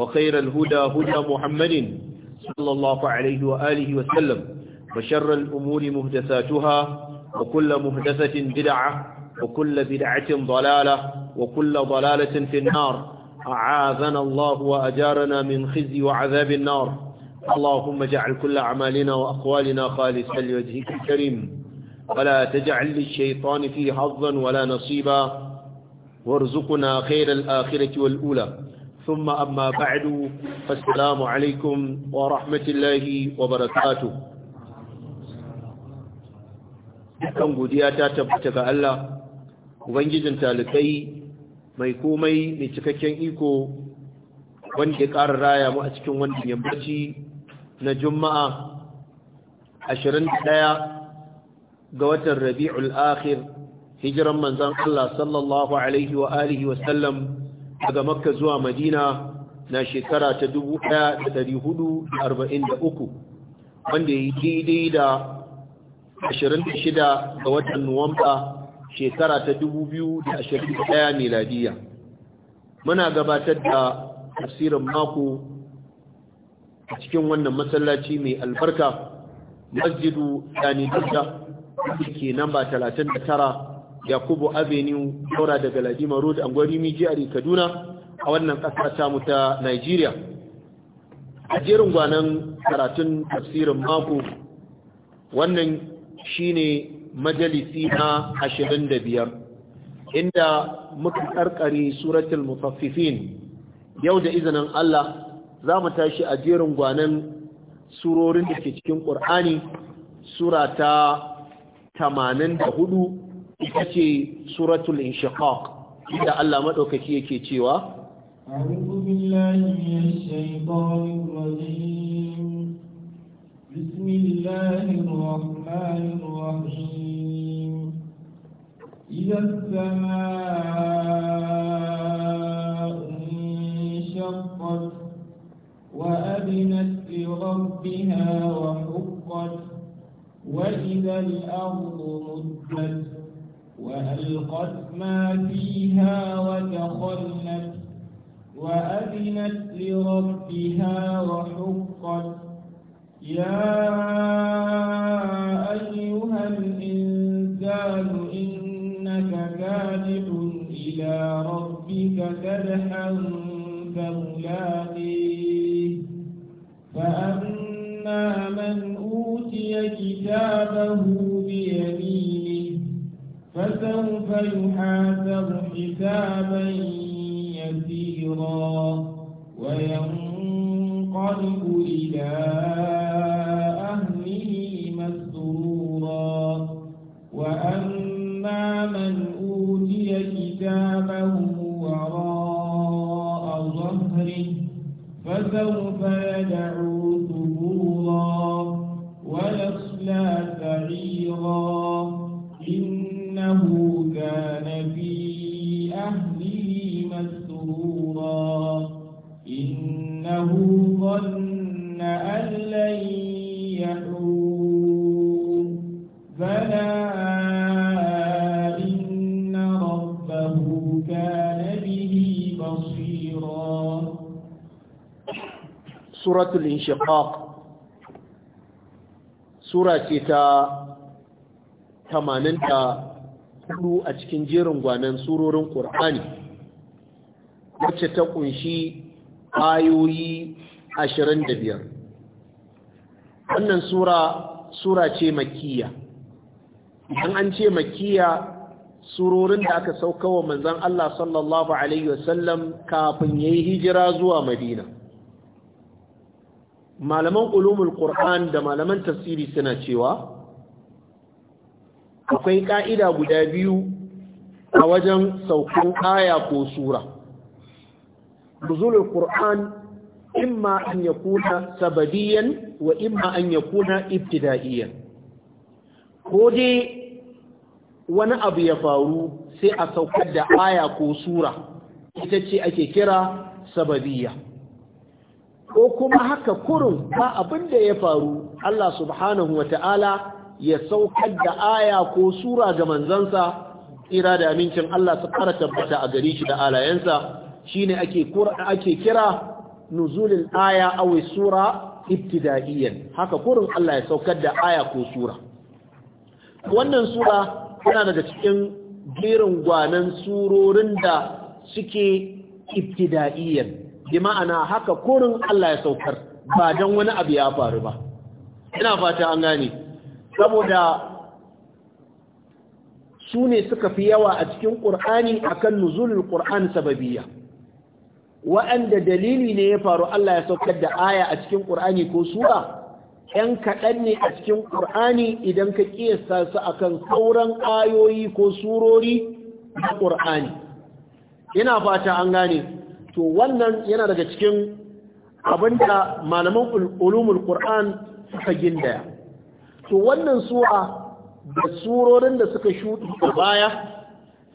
وخير الهدى هدى محمد صلى الله عليه وآله وسلم وشر الأمور مهدثاتها وكل مهدثة بدعة وكل بدعة ضلالة وكل ضلالة في النار أعاذنا الله وأجارنا من خزي وعذاب النار اللهم اجعل كل أعمالنا وأقوالنا خالصا لوجهك الكريم ولا تجعل للشيطان فيه حظا ولا نصيبا وارزقنا خير الآخرة والأولى ثم أما بعد wa عليكم ورحمة الله وبركاته kan godiya ta tabbata ga Allah ubangijin talibai mai komai mai cikakken iko wanda ya ƙara raya mu a cikin wanda yammaci na juma'a 21 ga watan rabi'ul akhir hijiran manzan Allah sallallahu daga makka zuwa madina na shekara ta 1443 wanda ya yi daidai da 26 ga watan nuwamba shekara ta 2021 miladiya muna gabatar da tafsirin mako a cikin wannan masallaci mai albarka masjidu dani da ke namba 39 yakubu avenue yaura daga ladima road angwari mijiyar kaduna a wannan kasa ta mu ta nigeria a jerin gwanan karatun tafsirin mako wannan shine majalisi na ashirin da biyar inda muka karkare suratul mutaffifin yau da izinin Allah za mu tashi a jerin gwanan surorin da ke cikin ƙur'ani sura ta hudu. ita ce suratul inshiqaq inda Allah madaukaki yake cewa أعوذ بالله من الشيطان الرجيم بسم الله الرحمن الرحيم إذا السماء انشقت وأذنت لربها وحقت وإذا الأرض مدت وألقت ما فيها وتخلت وأذنت لربها وحقت يا أيها الإنسان إنك كادح إلى ربك كدحا فملاقيه فأما من أوتي كتابه بيمينه فسوف يحاسب حسابا يسيرا وينقلب إلى أهله مسرورا وأما من أوتي كتابه وراء ظهره فسوف يدعو suratul inshiqaq sura ce ta hudu a cikin jerin gwanan surorin Qur'ani wacce ta kunshi ayoyi 25 wannan sura sura ce makkiya idan an ce makkiya surorin da aka sauka wa manzon Allah sallallahu alaihi wasallam kafin yayi hijira zuwa Madina malaman ulumul qur'an da malaman tafsiri suna cewa akwai ka'ida guda biyu a wajen saukin aya ko sura nuzulul qur'an imma an yakuna sabadiyan wa imma an yakuna ibtida'iyan ko dai wani abu ya faru sai a saukar da aya ko sura ita ce ake kira sabadiyya ko kuma haka kurun ba abin da ya faru Allah subhanahu wa ta'ala ya saukar da aya ko sura ga manzansa ira da amincin Allah su fara tabbata a gari shi da alayensa shine ake ake kira nuzulin aya aw sura ibtidaiyan haka kurun Allah ya saukar da aya ko sura wannan sura yana daga cikin birin gwanan surorin da suke ibtidaiyan bi ma'ana haka kurin Allah ya saukar ba don wani abu ya faru ba ina fata an gane saboda su ne suka fi yawa a cikin ƙur'ani akan nuzulul ƙur'an sababiyya wa'anda dalili ne ya faru Allah ya saukar da aya a cikin ƙur'ani ko sura ‘yan kaɗan ne a cikin ƙur'ani idan ka ƙiyasta su akan sauran ayoyi ko surori na ƙur'ani ina fata an gane to wannan yana daga cikin abinda malaman ulumul qur'an suka gindaya to wannan sura da surorin da suka shuɗi a baya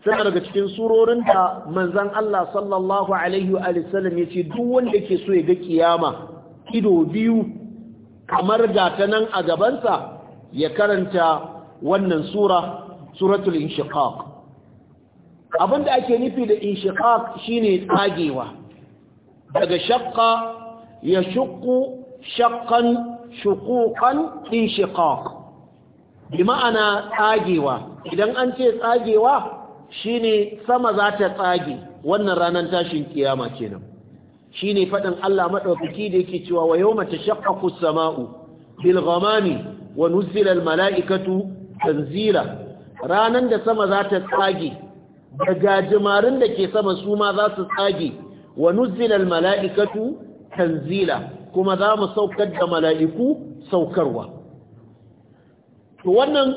suna daga cikin surorin da manzan Allah sallallahu alaihi wa sallam ya ce duk wanda ke so ya ga kiyama ido biyu kamar gata nan a gabansa ya karanta wannan sura suratul inshiqaq abinda ake nufi da inshiqaq shine tsagewa daga shaqqa ya shuqqu shaqqan shuquqan inshiqaq bi ma'ana tsagewa idan an ce tsagewa shine sama za ta tsage wannan ranar tashin kiyama kenan shine fadin Allah madaukaki da yake cewa wa yawma tashaqqaqu as-sama'u bil ghamami wa nuzila al-mala'ikatu tanzila ranan da sama za ta tsage da gajimarin da ke sama su ma za su tsage wa nuzzilal mala'ikatu tanzila kuma za mu saukar da mala'iku saukarwa wannan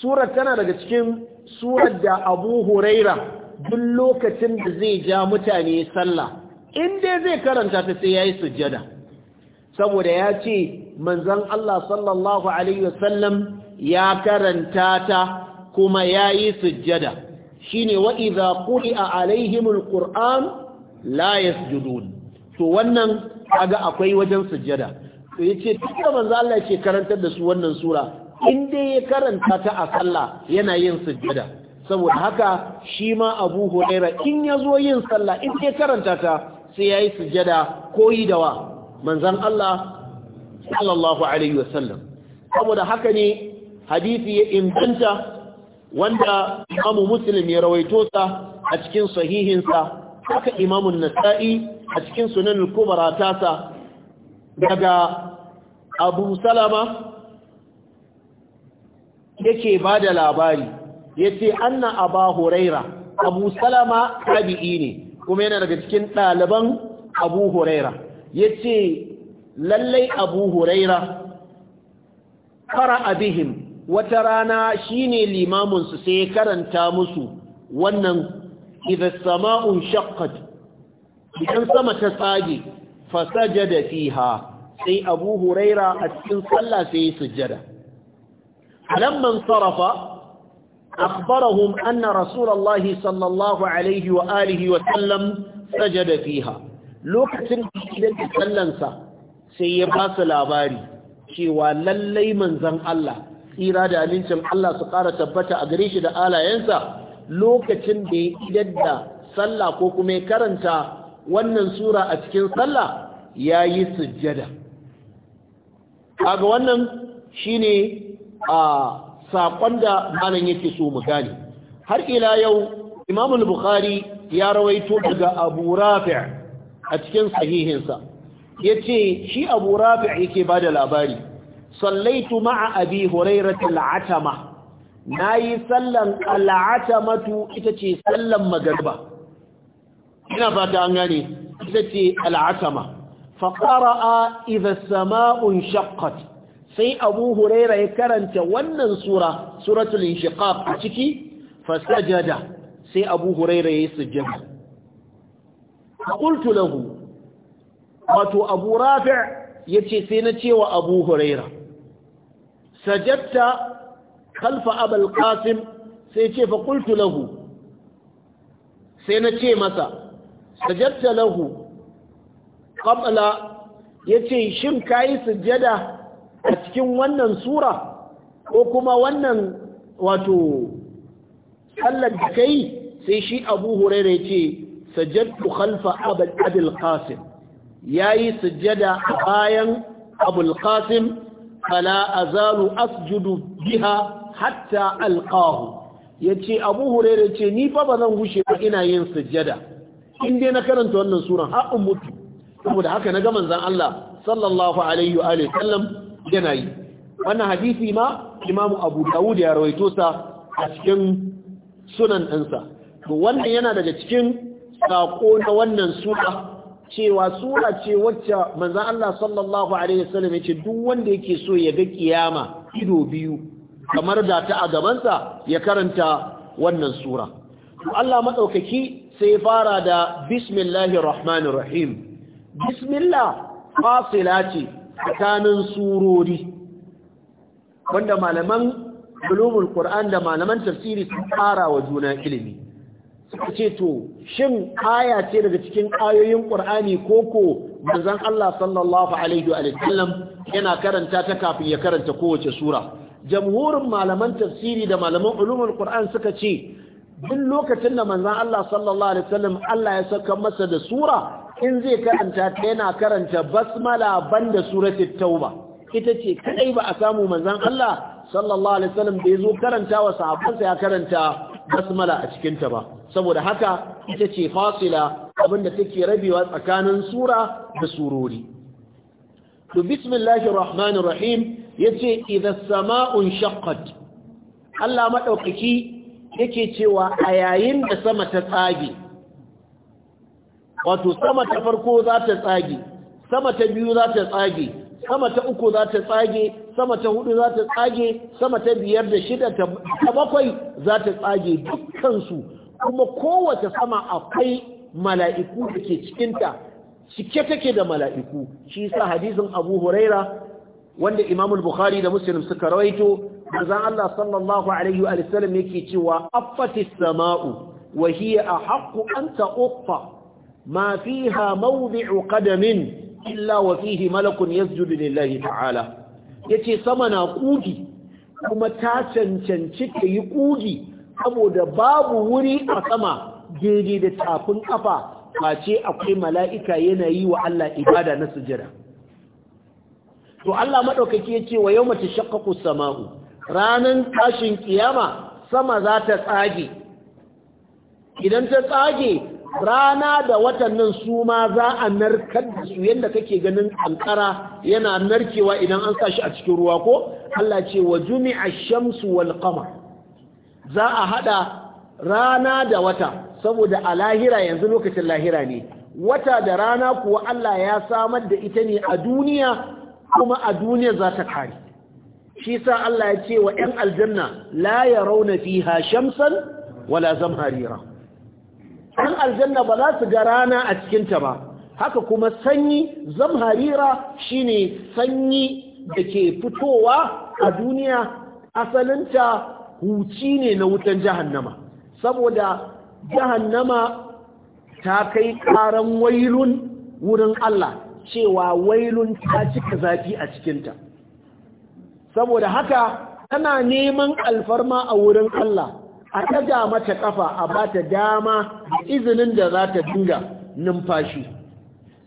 surar tana daga cikin surar da abu huraira duk lokacin da zai ja mutane sallah inda zai karanta ta sai ya yi sujjada saboda ya ce manzan Allah sallallahu Alaihi wasallam ya karanta ta kuma yayi sujjada shine wa idza a alaihimul qur'an layas yasjudun to wannan kaga akwai wajen sujjada to yace duka manzo Allah yake karantar da su wannan sura in dai ya karanta ta a sallah yana yin sujjada saboda haka shi ma Abu huraira in yazo yin sallah in dai karanta ta sai yayi sujjada koyi da wa manzon Allah sallallahu alaihi wasallam saboda haka ne hadisi ya inganta wanda imamu muslim ya rawaito ta a cikin sahihinsa haka imamu nasa'i a cikin sunan al tasa daga abu salama yake ba da labari ya ce anna aba huraira abu salama tabi'i ne kuma yana daga cikin ɗaliban abu huraira ya ce lallai abu huraira fara abihim wata rana shi ne limaminsu sai ya karanta musu wannan idan sama'un shakkat idan sama ta tsage fasaja da fiha sai abu huraira a cikin tsalla sai ya sujjada alamman sarrafa akbarahun anna rasulallah sallallahu alaihi wa alihi wa sallam sajada fiha lokacin idan ya tsallansa sai ya ba labari cewa lallai manzan Allah tsira da amincin Allah su ƙara tabbata a gare shi da alayensa lokacin da ya sallah ko kuma ya karanta wannan sura a cikin sallah ya yi sujjada kaga wannan shi ne a saƙon da malam yake so mu gane har ila yau imamul bukhari ya rawaito daga abu rafi' a cikin sahihinsa Ya ce shi abu rafi' yake bada labari sallaitu ma'a abi hurairata al'atama nayi sallan al'atamatu ita ce sallan magarba ina fata an gane ita ce al'atama fa qara'a idha as-sama'u inshaqqat sai abu huraira ya karanta wannan sura suratul inshiqaq a ciki fasajada sai abu huraira ya sujjada qultu lahu wato abu rafi' yace sai na cewa abu huraira sajatta khalfa abul qasim sai ce fa qultu sai na ce masa sajatta lahu qabla yace shin kai sujada a cikin wannan sura ko kuma wannan wato sallar da kai sai shi abu huraira ya ce sajadtu khalfa abul qasim yayi sujada a bayan abul qasim fala azalu asjudu biha hatta alqahu yace abu hurairah ce ni fa ba zan gushe ba ina yin sujjada in dai na karanta wannan sura har in mutu saboda haka na ga manzon Allah sallallahu alaihi wa alihi sallam yana yi wannan hadisi ma Imam Abu Dawud ya rawaito sa a cikin sunan ɗinsa to wannan yana daga cikin sako na wannan sura cewa sura ce wacce manzo Allah sallallahu alaihi wasallam yace duk wanda yake so ya ga kiyama ido biyu kamar da ta a gabansa ya karanta wannan sura Allah maɗaukaki sai ya fara da bismillahir rahmanir rahim bismillah fasila ce tsakanin surori wanda malaman ulumul qur'an da malaman tafsiri sun fara wa juna ilimi suka ce to shin aya ce daga cikin ayoyin qur'ani koko manzon Allah sallallahu alaihi wa sallam yana karanta ta kafin ya karanta kowace sura jamhurin malaman tafsiri da malaman ulumul qur'an suka ce duk lokacin da manzon Allah sallallahu alaihi wasallam Allah ya saka masa da sura in zai karanta ta yana karanta basmala banda suratul tauba ita ce kadai ba a samu manzon Allah sallallahu alaihi wasallam da yazo karanta wa sahabbansa ya karanta basmala a cikinta ba saboda haka ita ce fasila abinda take rabewa tsakanin sura da surori to bismillahir rahmanir rahim yace idza sama'un shaqqat Allah madaukaki yake cewa a yayin da sama ta tsage wato sama ta farko za ta tsage sama ta biyu za ta tsage sama ta uku za ta tsage sama ta hudu za ta tsage sama ta biyar da shida ta bakwai za ta tsage dukkansu kuma kowace sama akwai mala'iku da ke cikinta cike take da mala'iku shi sa hadisin abu huraira wanda imamul bukhari da muslim suka rawaito manzon Allah sallallahu alaihi wa sallam yake cewa affatis sama'u wa hiya ahqqu an ta'uffa ma fiha mawdi'u qadamin illa wa fihi malakun yasjudu lillahi ta'ala yace sama na kugi kuma ta cancanci ta yi kugi saboda babu wuri a sama daidai da tafin kafa face akwai mala'ika yanayi yi wa Allah ibada na sujada to Allah madaukaki yace wa yawma tashaqqaqu samau ranan tashin kiyama sama za ta tsage idan ta tsage rana da watannin su ma za a narkar da su yadda kake ganin kankara yana narkewa idan an sa shi a cikin ruwa ko Allah ce wa jumi'a shamsu wal qamar za a hada rana da wata saboda a lahira yanzu lokacin lahira ne wata da rana kuwa Allah ya samar da ita ne a duniya kuma a duniya za ta kare shi sa Allah ya ce wa 'yan aljanna la yarawna fiha shamsan wala zamharira An aljanna ba za su ga rana a cikinta ba haka kuma sanyi zamharira shine sanyi da ke fitowa a duniya asalinta huci ne na wutan jahannama saboda jahannama ta kai karan wailun wurin Allah cewa wailun ta cika zafi a cikinta saboda haka tana neman alfarma a wurin Allah a ɗaga mata ƙafa a ba ta dama da izinin da za ta dinga numfashi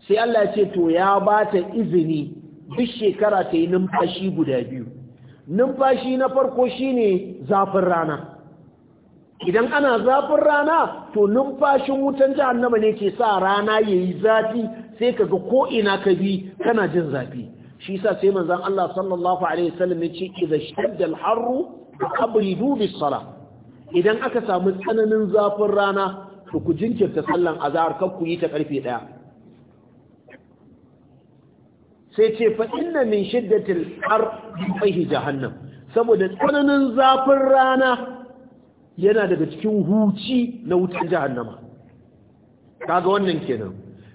sai Allah ce to ya ba ta izini duk shekara ta yi numfashi guda biyu numfashi na farko shine zafin rana idan ana zafin rana to numfashin wutan jahannama ne ke sa rana ya yi zafi sai kaga ga ko'ina ka bi kana jin zafi shi sa sai manzan Allah sallallahu Alaihi wasallam ya ce iza shidda al-harru abridu bis-salah idan aka samu tsananin zafin rana to ku jinkirta sallan azhar kar ku yi ta karfe daya sai ce fa inna min shiddatil fi jahannam saboda tsananin zafin rana yana daga cikin huci na wutar jahannama kaga wannan kenan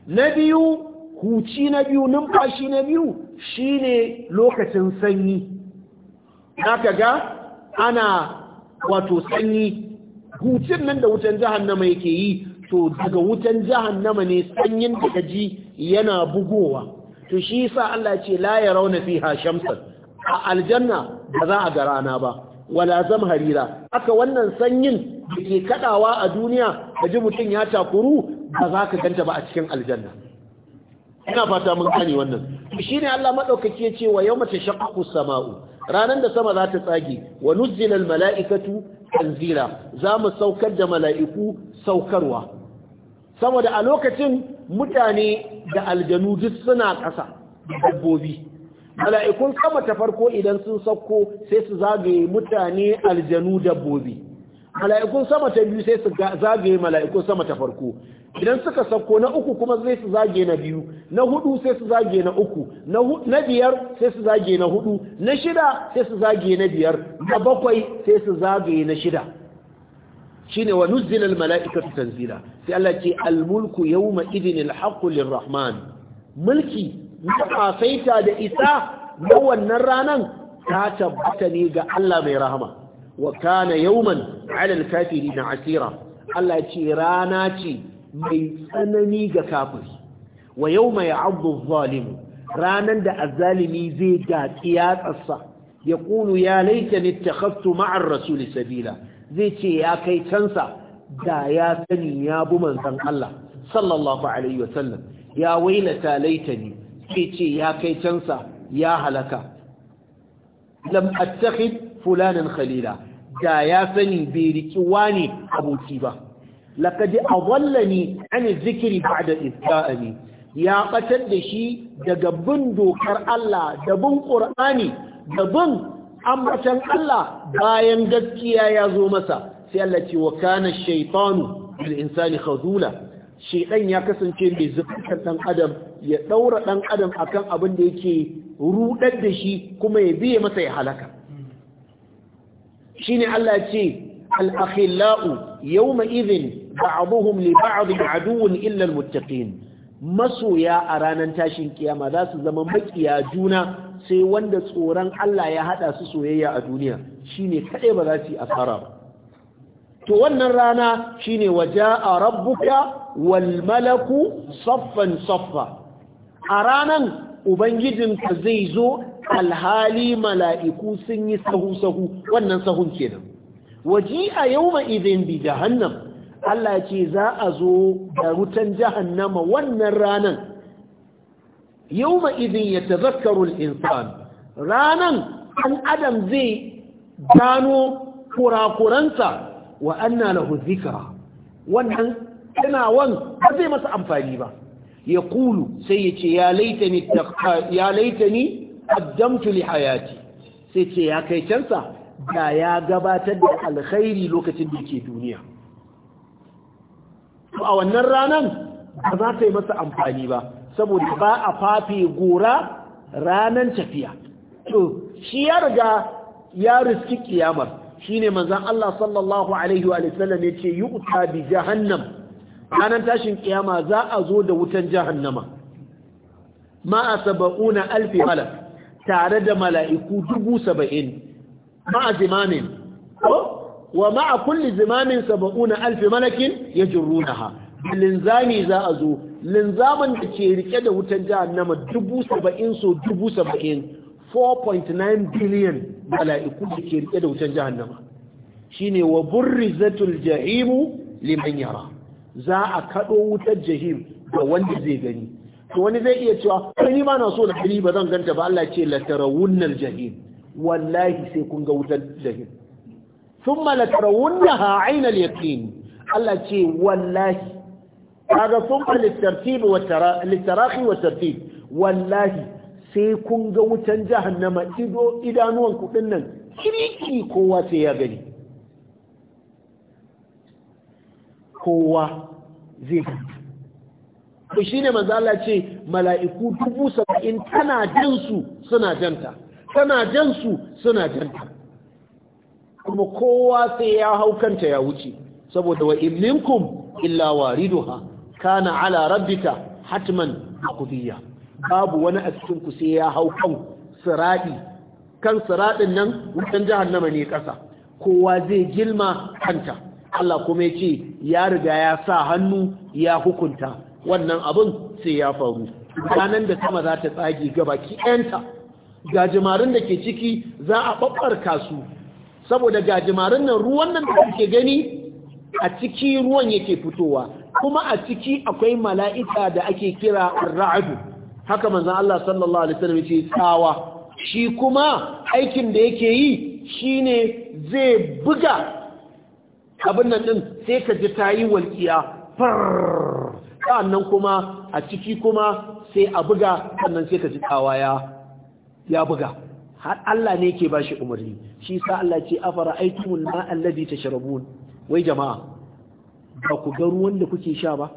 na biyu huci na biyu numfashi na biyu shine lokacin sanyi naka ga ana wato sanyi hucin nan da wutan jahannama yake yi to daga wutan jahannama ne sanyin da gaji yana bugowa to shi yasa Allah ce la ya rauna fiha shamsan a aljanna ba za a ga rana ba wala zamharira aka wannan sanyin da ke kadawa a duniya kaji mutum ya takuru ba za ka ganta ba a cikin aljanna ina fata mun gane wannan shi ne Allah madaukake ce wa yawma tashaqqaqu sama'u ranar da sama za ta tsage wa nuzzilal mala'ikatu tanzila za mu saukar da mala'iku saukarwa saboda a lokacin mutane da aljanu duk suna ƙasa dabbobi mala'ikun sama ta farko idan sun sauko sai su zagaye mutane aljanu dabbobi mala'ikun sama ta biyu sai su zagaye mala'ikun sama ta farko idan suka sauko na uku kuma zai su zage na biyu na hudu sai su zage na uku na biyar sai su zage na hudu na shida sai su zage na biyar na bakwai sai su zage na shida Shi ne wa nuzzila al mala'ikatu tanzila sai Allah ce al mulku yawma idin al haqqu mulki na kafaita da isa na wannan ranan ta tabbata ne ga Allah mai rahama wa kana yawman 'ala al-kafirin asira Allah ce rana ce mai tsanani ga kafiri wa yawma ya'addu adh-dhalimu ranan da azzalimi zai ga tsiyatsarsa ya kulu ya laitani ittakhadtu ma'a ar-rasul sabila zai ce ya kai cansa da ya sani ya bu manzon Allah sallallahu alaihi sallam. ya wailata laitani sai ce ya kai cansa ya halaka lam attakhid fulanin khalila da ya sani bai riki wani aboki ba laqad adallani an zikri ba'da isba'ani ya batar da shi daga bin dokar Allah da bin Qur'ani da bin ambatan Allah bayan gaskiya ya zo masa sai Allah ce wa kana shaytanu bil insani khadula shedan ya kasance mai zubar dan adam ya daura dan adam akan abin da yake rudar da shi kuma ya biye masa ya halaka shine Allah ce al 'Yau maizin ba ba'dhum li ba'd aduwwun illa illar muttaqin masoya a ranar tashin kiyama za su zama makiya juna sai wanda tsoron Allah ya hada su soyayya a duniya ne kadai ba za su yi asara ba to wannan rana shine a rabbuka wal malaku saffan saffa a ranan ubangijinka zai zo alhali mala'iku sun yi sahu-sahu wannan sahun kenan waji a yau ma'izin bi jahannam Allah ce za a zo da rutan jahannama wannan ranan yau ma'izin ya tazakkarul insan ranan an adam zai gano kurakuransa wa anna lahu zikra wannan tunawan ba zai masa amfani ba ya kulu sai ya ce ya laitani qaddamtu li hayati sai ce ya kai cansa da ya gabatar da alkhairi lokacin da yake duniya a wannan ranan ba za ta yi masa amfani ba saboda ba a fafe gora ranan tafiya to shi ya riga ya riski kiyamar shine manzon Allah sallallahu alaihi ya ce yace yu'ta bi jahannam Ranar tashin kiyama za a zo da wutan jahannama ma saba'una alfi halaf tare da mala'iku dubu saba'in ma'a zimamin Ko wa ma'a kulli zimamin na alfi malakin ya ha, linzami za a zo linzamin da ke rike da wutan Nama dubu saba'in so dubu saba'in 4.9 biliyan mala'iku da ke rike da wutan Shi ne wa zatul jahimu liman yara za a kaɗo wutar jahim ga wanda zai gani to wani zai iya cewa kai ni ma na so na kiri ba zan ganta ba Allah ce la tarawunnal jahim wallahi sai kun ga wutar jahim thumma la tarawunnaha aynal yaqin Allah ce wallahi kaga thumma litartib wa litarahi wa tartib wallahi sai kun ga wutan jahannama ido idanuwan ku dinnan kiriki kowa sai ya gani kowa zai gani. to shine manzo Allah ce mala'iku dubu saba'in tana jinsu su suna janta tana jansu su suna janta kuma kowa sai ya hau kanta ya wuce saboda wa in minkum illa wariduha kana ala rabbika hatman maqdiya babu wani a cikin ku sai ya hau kan siradi kan siradin nan wutan jahannama ne ƙasa, kowa zai gilma kanta Allah kuma ya ce ya riga ya sa hannu ya hukunta wannan abun sai ya faru ranar da sama za ta tsage gabaki ɗanta gajimarin da ke ciki za a ɓaɓɓarka su saboda gajimarin nan ruwan nan da kuke gani a ciki ruwan yake fitowa kuma a ciki akwai mala'ika da ake kira ra'adu haka manzan Allah sallallahu Alaihi wasallam ce tsawa shi kuma aikin da yake yi shi ne zai buga abin nan ɗin sai ka ji ta yi walƙiya far sa'annan kuma a ciki kuma sai a buga sannan sai ka ji tsawa ya buga har Allah ne ba bashi umarni shi sa Allah ce afara aikumul ma allazi tashrabun wai jama'a ba ku ga ruwan da kuke sha ba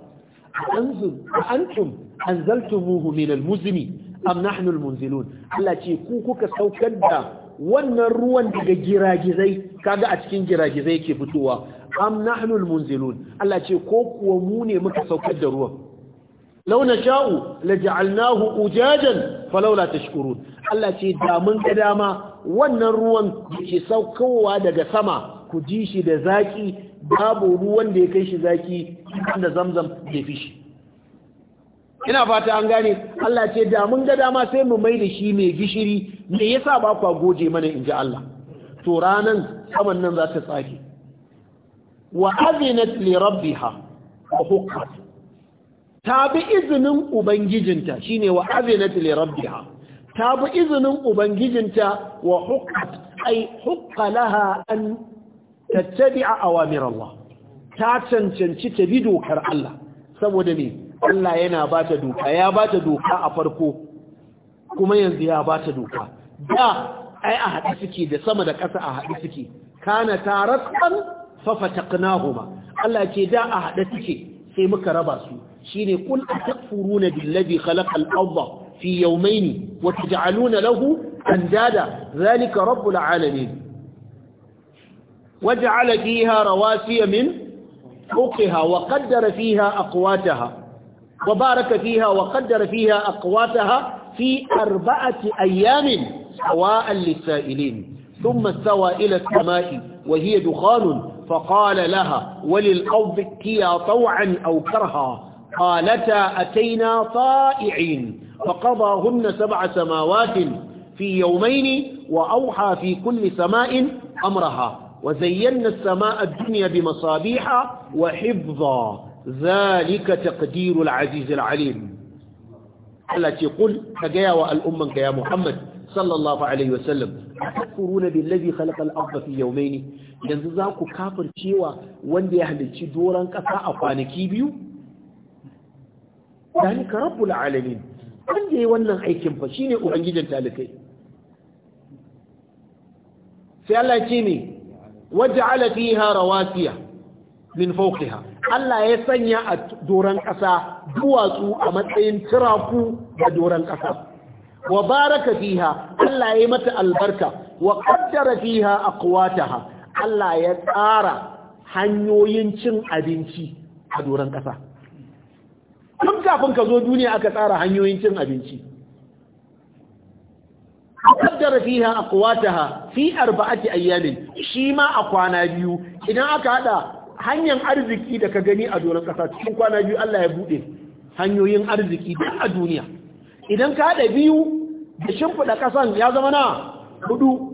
anzum antum anzaltumuhu min almuzni am nahnu almunzilun Allah ce ku kuka saukar da wannan ruwan daga giragizai kaga a cikin giragizai ke fitowa am nahnul almunzilun Allah ce ko kuwa mu ne muka saukar da ruwan law nasha'u laj'alnahu ujajan falawla tashkurun Allah ce da mun ga dama wannan ruwan ke saukowa daga sama ku ji shi da zaki babu ruwan da ya kai shi zaki da zamzam da fishi ina fata an gane Allah ce da mun ga dama sai mu mai da shi mai gishiri me yasa ba ku goje mana inji Allah to ranan saman nan za ta tsaki. wa azinat li rabbiha ta bi izinin ubangijinta shine wa azinat li rabbiha ta bi izinin ubangijinta wa huqqat ay huqqa laha an tattabi'a awamir Allah ta cancanci ta bi dokar Allah saboda ne Allah yana ba ta doka ya ba doka a farko kuma yanzu ya bata doka da ai a haɗi suke da sama da ƙasa a haɗi suke kana taratsan ففتقناهما الله يجي داء أهدتك في مكرا باسو شيني قل أتكفرون بالذي خلق الأرض في يومين وتجعلون له اندادا ذلك رب العالمين وجعل فيها رواسي من فوقها وقدر فيها أقواتها وبارك فيها وقدر فيها أقواتها في أربعة أيام سواء للسائلين ثم استوى إلى السماء وهي دخان فقال لها وللأرض كيا طوعا أو كرها قالتا أتينا طائعين فقضاهن سبع سماوات في يومين وأوحى في كل سماء أمرها وزينا السماء الدنيا بمصابيح وحفظا ذلك تقدير العزيز العليم التي قل كجاوى الأمة يا محمد sallallahu alaihi wasallam takfuruna billazi khalaqal arda fi yawmayn yanzu za ku cewa wanda ya halicci doron ƙasa a kwanaki biyu ka rabbul alamin wanda yayi wannan aikin fa shine ubangijin talikai sai Allah ce ne waja'ala fiha rawasiya min fawqiha Allah ya sanya a doron ƙasa duwatsu a matsayin tiraku da doron ƙasa. wa baraka fiha Allah ya yi mata albarka wa qaddara fiha aqwataha Allah ya tsara hanyoyin cin abinci a doron ƙasa tun kafin ka zo duniya aka tsara hanyoyin cin abinci qaddara fiha aqwataha fi arba'ati ayyamin shi ma a kwana biyu idan aka hada hanyar arziki da ka gani a doron ƙasa cikin kwana biyu Allah ya bude hanyoyin arziki duk a duniya idan ka haɗa biyu da shimfiɗa ƙasan ya zama na hudu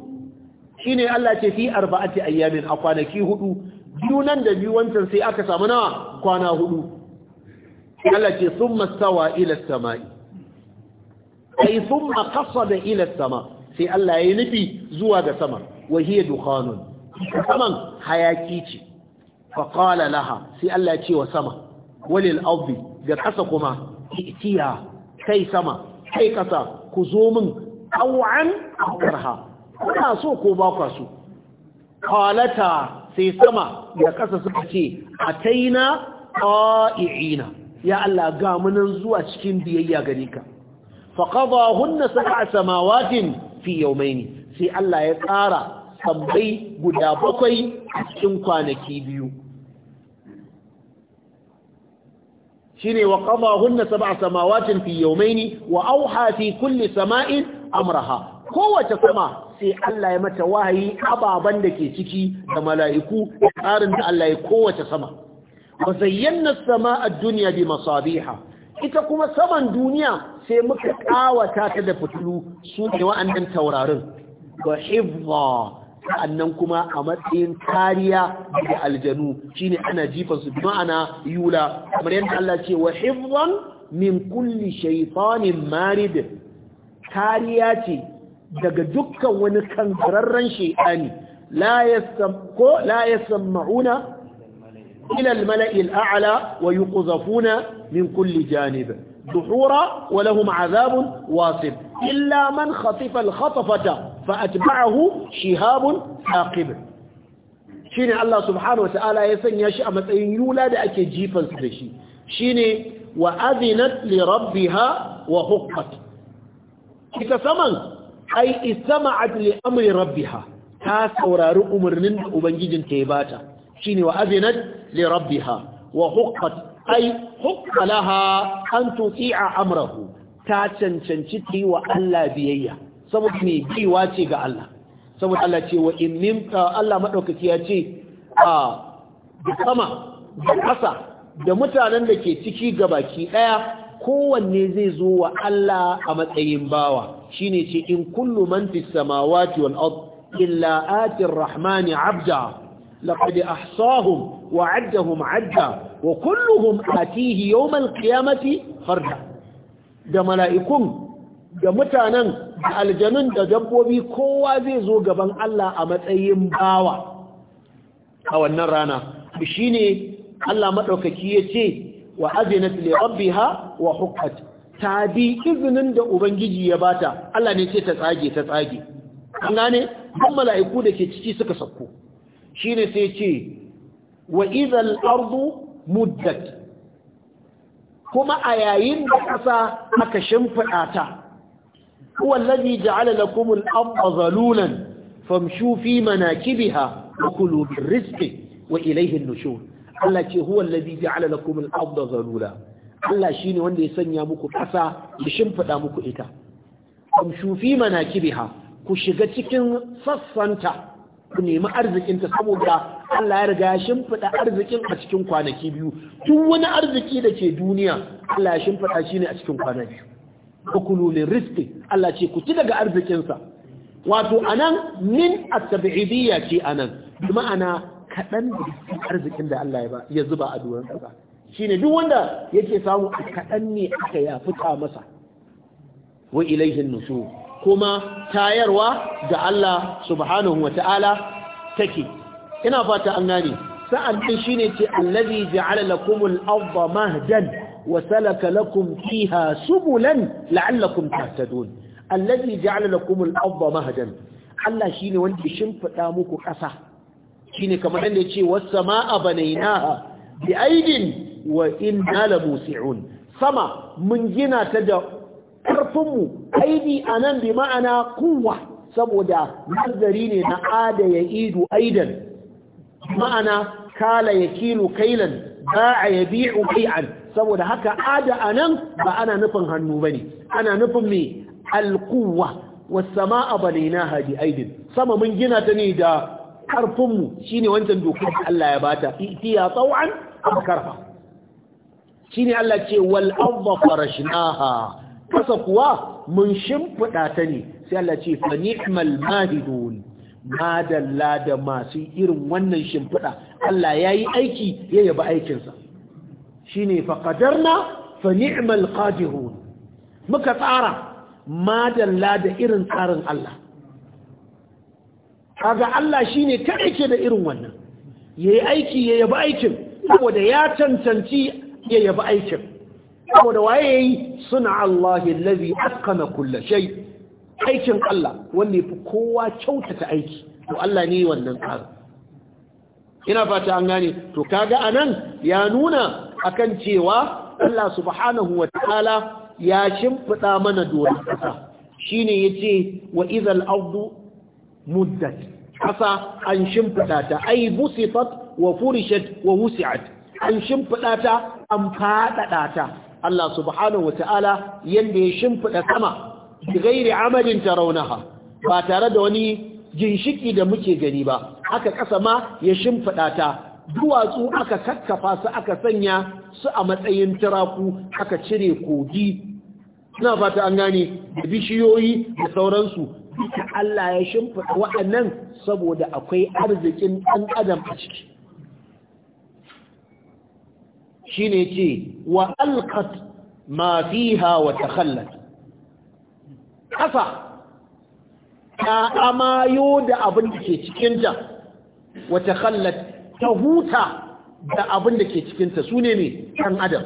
ne Allah ce fi arba'ati ayyamin a kwanaki hudu biyu nan da biyu wancan sai aka samu na kwana hudu Allah ce sun mastawa ila sama'i ai sun makasa da ilar sama sai Allah ya yi nufi zuwa ga sama wahiyar dukhanun saman hayaki ce faƙala laha sai Allah ce wa sama walil ardi ga ƙasa kuma itiya kai sama kai kasa ku zo min aw'an karha kuna so ko ba kwa so qalata sai sama ya kasa suka ce ataina qa'iina ya Allah ga mun zuwa cikin biyayya gare ka Fa asamawa sab'a samawatin fi yawmayn sai Allah ya tsara sabbai guda bakwai a cikin kwanaki biyu shine wa qadahunna sab'a samawatin fi yawmayn wa awha fi kulli sama'in amraha kowace sama sai Allah ya mata wahayi ababan da ke ciki da mala'iku tsarin da Allah ya kowace sama wa zayyana as duniya ad-dunya bi masabiha ita kuma saman duniya sai muka kawata ta da fitilu su ne wa'annan taurarin wa hifdha sa'annan kuma a matsayin kariya da aljanu shine ana jifan su ma'ana yula kamar yadda Allah ce wa hifzan min kulli shaifanin marid kariya ce daga dukkan wani kankararren shaytani ko yasamko la yasammauna ila al-mala'i al-a'la wa yuqzafuna min kulli janib duhura wa lahum azabun wasif illa man khatifa al-khatafata fa'atba'ahu shihabun aqib shine Allah subhanahu wata'ala ya sanya shi a matsayin yula da ake jifan su da shi shine wa adhinat li rabbiha wa huqqat ita saman ai istama'at li amri rabbiha ta saurari umarnin da ubangijin ya bata shine wa adhinat li rabbiha wa huqqat ai laha an tuti'a amrahu ta cancanci ta yi wa Allah biyayya saboda mai baiwa ce ga Allah saboda Allah ce wa in min Allah madaukaki ya ce a da sama da ƙasa da mutanen da ke ciki gabaki daya kowanne zai zo wa Allah a matsayin bawa shine ce in kullu man fis samawati wal ard illa atir rahmani abda لقد أحصاهم وعدهم عدا وكلهم آتيه يوم qiyamati farda. da mala'ikun da mutanen da aljanun da dabbobi kowa zai zo gaban Allah a matsayin bawa a wannan rana shi ne Allah maɗaukaki ya ce wa azinat rabbi ha wa hukat ta bi izinin da ubangiji ya bata Allah ne ce ta tsage ta tsage an gane duk mala'iku da ke ciki suka sauko shine sai ce wa idhal ardu muddat kuma a yayin da ƙasa aka shimfiɗa ta هو الذي جعل لكم الأرض ظلولا فامشوا في مناكبها وكلوا بالرزق وإليه النشور Allah ce huwa allazi ja'ala lakum al-ardha zalula Allah shine wanda ya sanya muku ƙasa ya shimfida muku ita am shufi kibiha. ku shiga cikin sassanta ku nemi arzikinta saboda Allah ya riga ya shimfida arzikin a cikin kwanaki biyu duk wani arziki da ke duniya Allah ya shimfida shi ne a cikin kwana biyu ukulu lirrizqi Allah ce ku ci daga arzikinsa wato anan min at ce anan ma'ana kadan da arzikin da Allah ya ba ya zuba a duwan kasa shine duk wanda yake samu a kadan ne aka ya masa wa ilayhi nusu. kuma tayarwa ga Allah subhanahu ta'ala take ina fata an gane sa'an din shine ce allazi ja'ala lakumul arda mahdan وسلك لكم فيها سبلا لعلكم تهتدون الذي جعل لكم الارض مهدا الله شيني وندي شنفدا muku kasa shine kamar inda yace was-samaa banaynaha bi'aydin wa inna lamusi'un sama mun gina ta da karfinmu aidi anan bi ma'ana quwwa saboda nazari ne na ada ya aidan ma'ana kala yakilu kailan ya yabi'u bai'an saboda haka ada anan ba ana nufin hannu bane ana nufin mai alkuwa wasa was a balinaha Haji aidin sama mun gina ta ne da karfin mu shine wancan dokar da Allah ya bata itiya taw'an am Shi ne Allah ce wal arda farashnaha kasa kuwa mun shimfiɗa ta ne sai Allah ce fa ni'mal mahidun madalla da masu irin wannan shimfiɗa. Allah yayi aiki ya yaba aikinsa shine fa qadarna fa ni'mal muka tsara madalla da irin tsarin Allah kaga Allah shine ta aike da irin wannan yayi aiki ya yaba aikin saboda ya cancanci ya yaba aikin saboda waye yayi suna Allah allazi na kull shai. aikin Allah wanda kowa kyautata aiki to Allah ne wannan tsarin ina fata an gane to kaga anan ya nuna akan cewa Allah subhanahu wa ta'ala ya shimfiɗa mana doron kasa, shi ne ya ce wa izal ardu muddat ƙasa an shimfiɗa ta ai busifat wa furishat wa wusi'at an shimfiɗata, ta an faɗaɗata. ta Allah subhanahu wa ta'ala yadda ya shimfiɗa sama da gairi amalin taraunaha ba tare da wani ginshiki da muke gani ba haka ƙasa ma ya shimfiɗata. ta duwatsu aka kakkafa su aka sanya su a matsayin turaku aka cire kogi suna fata an gane da bishiyoyi da sauransu duka Allah ya shimfiɗa wa'annan saboda akwai arzikin ɗan adam a ciki shi ne ce wa alkat ma hawa ta takhallat ƙasa ta amayo da abin da ke cikinta wata takhallat ta huta da abin da ke cikinta su ne ne kan adam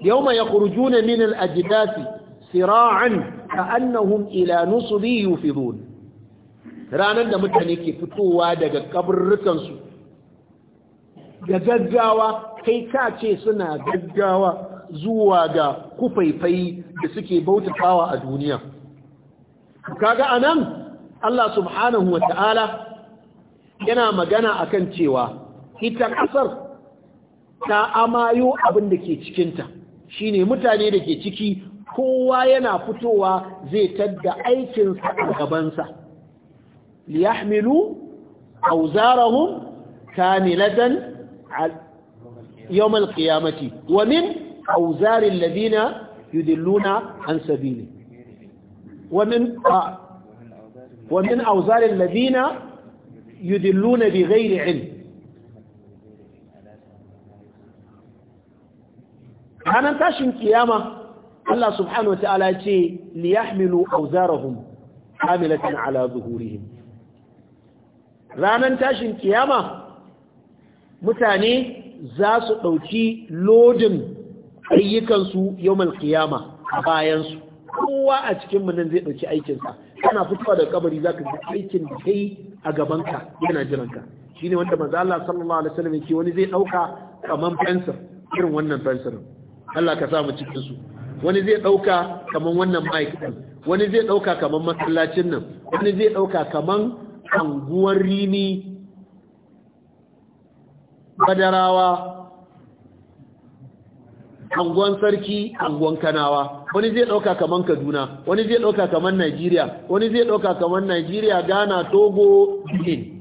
yau mai ya kurju na minin ajidasi sira'an ta annahun ilanu su biyu ranar da mutane ke fitowa daga kaburrukansu da gaggawa kai ka ce suna gaggawa zuwa ga kufaifai da suke bautatawa a duniya kaga anan Allah subhanahu wa ta'ala yana magana akan cewa ita ƙasar ta amayo abin da ke cikinta shi ne mutane da ke ciki kowa yana fitowa zai tadda aikinsa a gabansa liyahmilu auzarahum kamilatan yawm alqiyamati wa min auzari ladina yudilluna an sabili wa min wa ladina yudilluna bi ghairi ilm ranar tashin kiyama Allah subhanahu wa ta'ala ce liyahmilu auzarahum hamilatan ala zuhurihim ranar tashin kiyama mutane za su ɗauki lodin ayyukansu yau kiyama a bayansu kowa a cikin nan zai ɗauki aikinsa kana fitowa da kabari zaka ga aikin da kai a gabanka yana jiranka Shi ne wanda maza Allah sallallahu alaihi wasallam yake wani zai dauka kaman fensir irin wannan fensir Allah ka sa mu cikin su wani zai dauka kaman wannan mic wani zai dauka kaman masallacin nan wani zai dauka kaman anguwar rini badarawa angon sarki angon kanawa wani zai ɗauka kaman kaduna wani zai ɗauka kaman nigeria wani zai ɗauka kaman nigeria ghana togo benin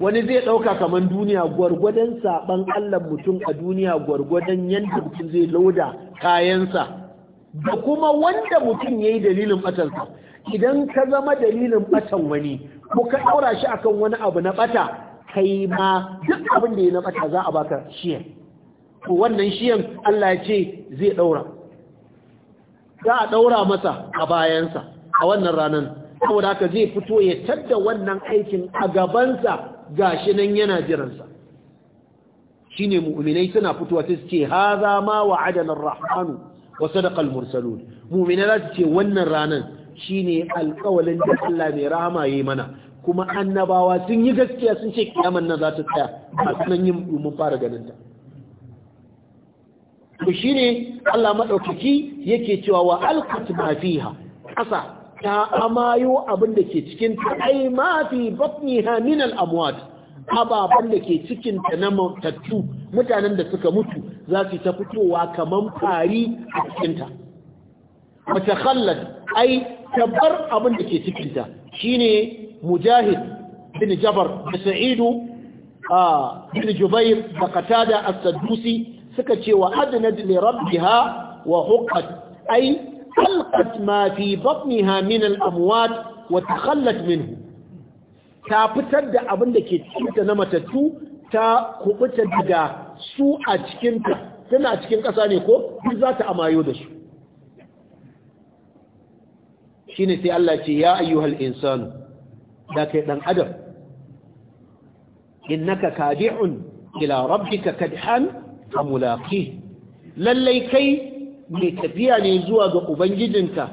wani zai ɗauka kaman duniya gwargwadon saɓan allah mutum a duniya gwargwadon yadda mutum zai lauda kayansa da kuma wanda mutum ya yi dalilin ɓatansa idan ka zama dalilin ɓatan wani ko ka ɗaura shi akan wani abu na ɓata kai ma duk abin da ya na ɓata za a baka shiyar to wannan shiyan Allah ya ce zai ɗaura. za a daura masa a bayansa a wannan ranar saboda haka zai fito ya tadda wannan aikin a gabansa gashi nan yana jiransa Shi ne mu'uminai suna fitowa ta su ce haza ma wa adanar rahman wa sadakal mursalun Mu'uminai za su ce wannan ranan ne alƙawalin da Allah mai rahama yi mana kuma annabawa sun yi gaskiya sun ce kiyaman nan za ta tsaya a sunan yin umar fara ganin ta to shine Allah madaukaki yake cewa wa alqat ma fiha ƙasa ta amayo abin da ke cikin ta ai ma fi batniha min al amwat ababan da ke cikin ta na matattu mutanen da suka mutu za su ta fitowa kaman fari a cikin ta wata ai tabbar abin da ke cikin ta shine mujahid bin jabar da sa'idu bin jubair da qatada as-saddusi suka ce wa adnad li rabbiha wa huqat ay alqat ma fi batniha min al amwat wa takhallat minhu ta fitar da abin da ke cikinta na matattu ta kubuta daga su a tana cikin ƙasa ne ko duk za ta amayo da su shine sai Allah ce ya ayyuhal insanu da kai dan adam innaka kadi'un ila rabbika kadhan a mulaƙi lallai kai mai tafiya ne zuwa ga ubangijinka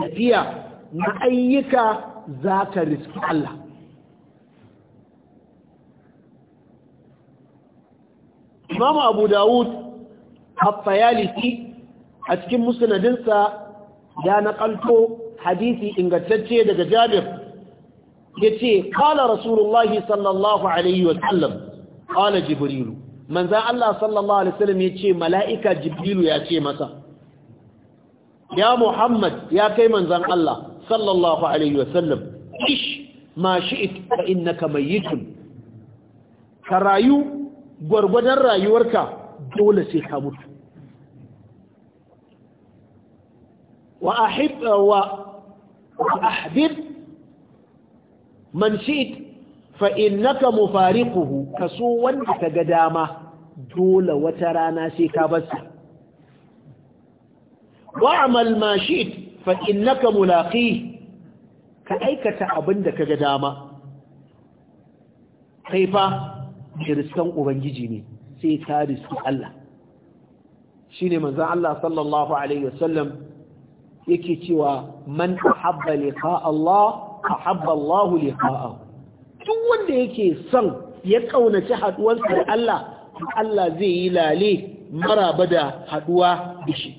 tafiya na ayyuka za ka riski Allah imamu abu dawud haffayaliki a cikin musnadinsa ya naƙalto hadisi ingantacce daga jabir ya ce 'Kala rasulullahi sallallahu alaihi wasallam jibrilu manzan Allah sallallahu Alaihi wasallam ya ce mala'ika jibrilu ya ce masa ya Muhammad ya kai manzan Allah sallallahu Alaihi wasallam ish ma shi shi'it fa innaka mayyitun ka rayu gwargwadon rayuwarka dole sai ka mutu wa ahib wa ahbib man shi'it fa innaka mufariquhu kaso wanda kaga dama dole wata rana sai ka barsa wa'mal ma shi'it fa innaka mulaqi ka aikata abinda kaga dama kai fa riskan ubangiji ne sai ka riski Allah shine manzon Allah sallallahu alaihi wasallam yake cewa man ahabba liqa Allah ahabba Allah liqa'ahu duk wanda yake son ya kaunaci haduwarsa da Allah Allah zai yi lale maraba da haduwa da shi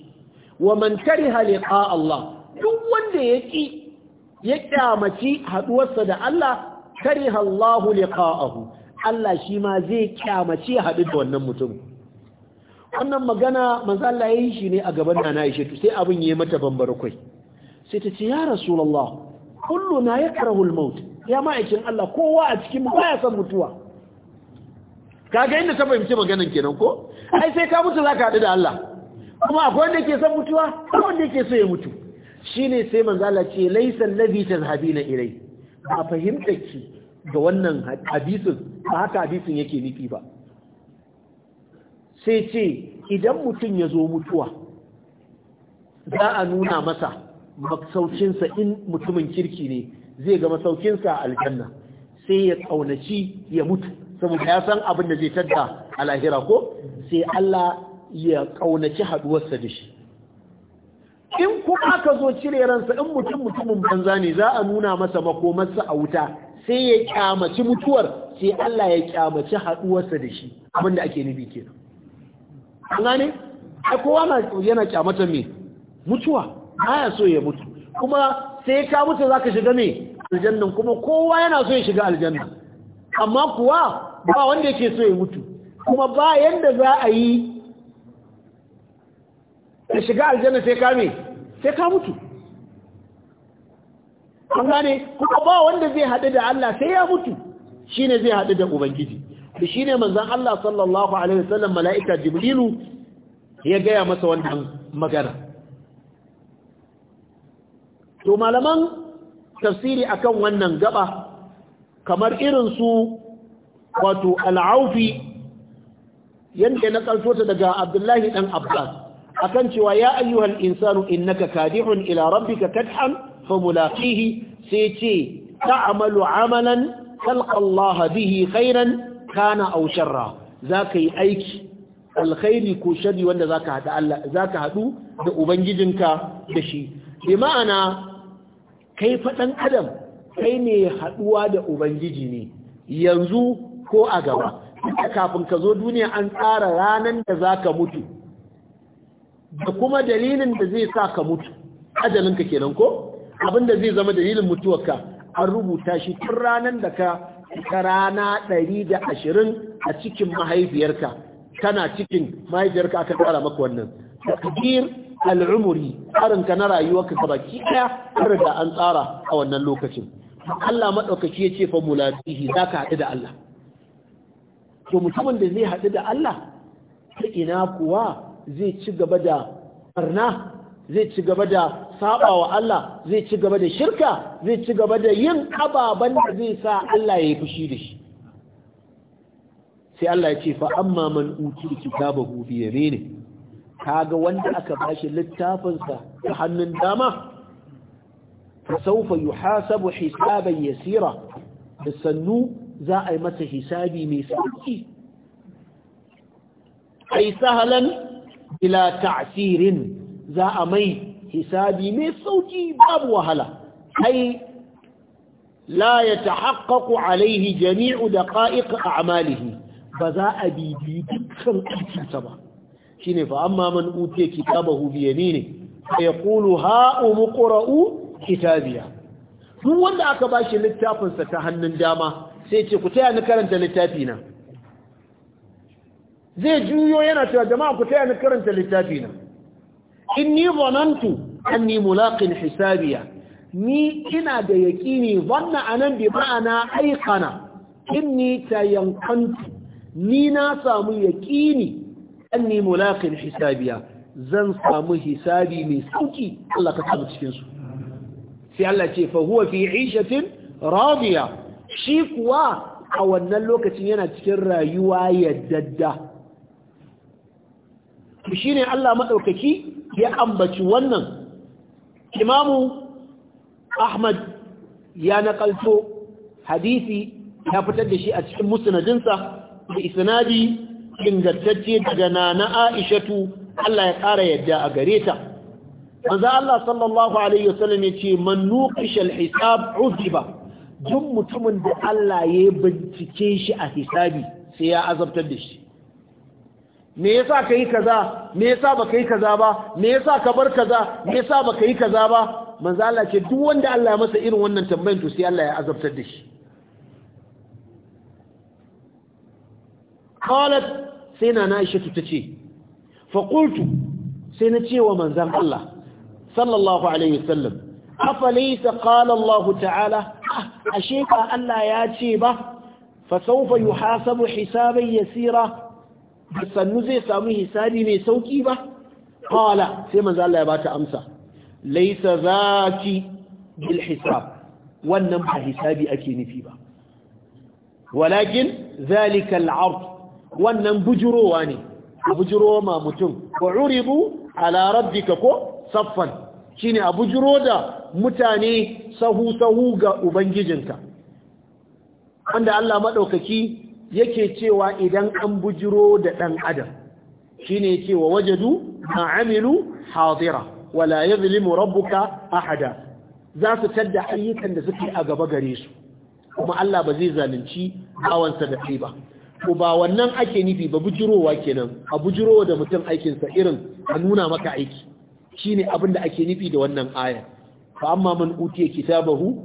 wa man kariha liqa Allah duk wanda yake ya kyamaci haduwarsa da Allah kariha Allah liqa'ahu Allah shi ma zai kyamaci haɗu da wannan mutum wannan magana manzo Allah yayi shi ne a gaban Nana Aisha sai abin yayi mata bambara kai sai ta ce ya rasulullah kulluna yakrahu al-maut ya ma'aikin Allah kowa a cikin baya son mutuwa kaga inda ta fahimci maganan kenan ko ai sai ka mutu zaka haɗu da Allah kuma akwai wanda yake son mutuwa akwai wanda yake so ya mutu shine sai manzo Allah ce laysa alladhi tazhabina ilai ba fahimta ki ga wannan hadisin ba haka hadisin yake nufi ba sai ce idan mutum ya zo mutuwa za a nuna masa maksaucinsa in mutumin kirki ne zai ga masaukinsa aljanna sai ya kaunaci ya mutu saboda ya san abin da zai tadda a lahira ko sai Allah ya kaunaci haduwarsa da shi in kuma aka zo cire ransa in mutum mutumin banza ne za a nuna masa makomarsa a wuta sai ya kyamaci mutuwar sai Allah ya kyamaci haduwarsa da shi abin da ake nufi kenan an gane ai kowa yana kyamata me mutuwa baya so ya mutu kuma sai ka mutu za ka shiga ne aljannan kuma kowa yana so ya shiga aljanna amma kuwa ba wanda yake so ya mutu kuma ba yanda za a yi ka shiga aljanna sai ka mai sai ka mutu an gane kuma ba wanda zai haɗu da Allah sai ya mutu shine zai haɗu da ubangiji shine manzon Allah sallallahu alaihi wasallam mala'ika jibrilu ya gaya masa wannan magana to malaman tafsiri akan wannan gaba kamar irin su wato al'aufi yanda na kalto ta daga abdullahi dan abbas akan cewa ya ayyuhal insanu innaka kadihun ila rabbika kadhan famulaqihi sai ce ta'malu amalan talqa Allah bihi khairan kana aw sharra zaka yi aiki alkhairi ko shari wanda zaka hada Allah zaka hadu da ubangijinka da shi bi ma'ana kai faɗan adam kai ne haɗuwa da ubangiji ne yanzu ko a gaba Da kafin ka zo duniya an tsara ranan da za ka mutu da kuma dalilin da zai sa ka mutu ajalinka kenan ko abinda zai zama dalilin mutuwarka an rubuta shi tun ranar da ka ta rana ɗari da ashirin a cikin mahaifiyarka kana cikin mahaifiyarka aka tsara maka wannan takdir al'umuri ka na rayuwarka ka baki daya har da an tsara a wannan lokacin Allah madaukaki ya ce fa mulatihi zaka haɗu da Allah to mutumin da zai haɗu da Allah ta ina kuwa zai ci gaba da barna zai ci gaba da saɓa wa Allah zai ci gaba da shirka zai ci gaba da yin ababen da zai sa Allah ya yi fushi da shi sai Allah ya ce fa amma man uti kitabahu bi yaminin kaga wanda aka bashi littafinsa ta hannun dama fasaufa yuhasabu hisabin yasira da sannu za a yi masa hisabi mai sauki ai sahalan ila ta'asirin za a mai hisabi mai sauki babu wahala ai la yatahaqqaqu alaihi jami'u da daqa'iq a'malihi ba za a bibi dukkan aikinsa ba shine fa amma man utiya kitabahu bi yamini fa yaqulu ha umqra'u kitabiya duk wanda aka bashi littafin sa ta hannun dama sai ce ku taya ni karanta littafina. zai juyo yana cewa jama'a ku taya ni karanta littafina inni zanantu anni mulaqin hisabiya ni ina da yaƙini wannan anan bi ma'ana aikana inni tayankantu ni na samu yaƙini anni mulaqin hisabiya zan samu hisabi mai sauki Allah ka samu cikin su sai Allah ce fa huwa fi 'ishatin radiya shi kuwa a wannan lokacin yana cikin rayuwa yaddadda shi ne Allah maɗaukaki ya ambaci wannan imamu Ahmad ya naƙalto hadisi ya fitar da shi a cikin musnadinsa da isnadi ingantacce daga nana aishatu Allah ya ƙara yadda a gare ta manzo Allah sallallahu alaihi wasallam yace man nuqish al-hisab uziba duk mutumin da Allah ya bincike shi a hisabi sai ya azabtar da shi me yasa kai kaza me yasa baka yi kaza ba me yasa ka bar kaza me yasa baka yi kaza ba manzo Allah ce duk wanda Allah ya masa irin wannan tambayar to sai Allah ya azabtar da shi qalat sai na Aisha ta ce fa sai na ce wa Manzan Allah sallallahu alaihi wasallam afalaysa qala Allah ta'ala ah, ashe ka Allah ya ce ba fa sawfa yuhasabu hisaban yasira sannu zai samu hisabi mai sauƙi ba qala sai manzon Allah ya bata amsa laysa zaki bil hisab wannan ba hisabi ake nufi ba walakin zalika al wannan bujurowa ne a ma mutum wa uribu ala rabbika ko saffan shine a bujuro da mutane sahu sahu ga ubangijinka wanda Allah madaukaki yake cewa idan an bujuro da dan adam shine yake wa wajadu ma'amilu hadira wala yadhlimu rabbuka ahada za su tadda ayyukan da suke a gaba gare su kuma Allah ba zai zalunci bawansa da kai ba to ba wannan ake nufi ba bujurowa kenan a bujurowa da mutum aikinsa irin a nuna maka aiki shine abin da ake nufi da wannan aya fa amma man utiya kitabahu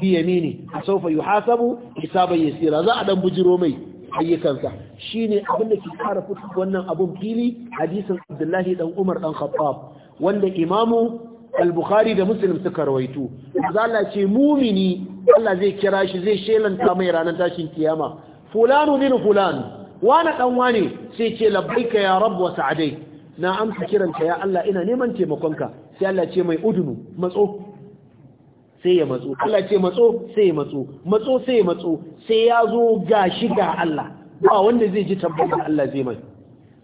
bi yamini sawfa yuhasabu hisaban yasira za a dan bujiro mai ayyukansa shine abin da ke fara fito wannan abun fili hadisin Abdullahi dan Umar dan Khattab wanda imamu al-Bukhari da Muslim suka rawaito zalla ce mumini Allah zai kira shi zai shelanta mai ranar tashin kiyama fulanu bin fulanu wani dan wani sai ce labbaika ya rabu wa sa'adai na amsa kiranka ya Allah ina neman taimakonka sai Allah ce mai udunu matso sai ya matso Allah ce matso sai ya matso matso sai ya matso sai ya zo gashi ga Allah ba wanda zai ji tabbata Allah zai mai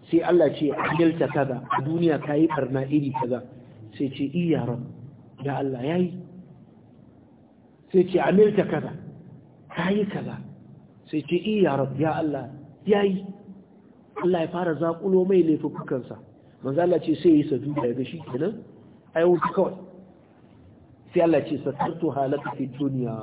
sai Allah ce adilta kaza a duniya kayi barna iri kaza sai ce iya rab ya Allah yayi sai ce amilta kaza kayi kaza sai ce iya eh, rab ya Allah ya yi. Allah ya fara zakulo mai laifukansa manzo Allah ce sai ya yi sadu da ga shi kenan ai wuce kawai sai Allah ce sattartu halaka fi dunya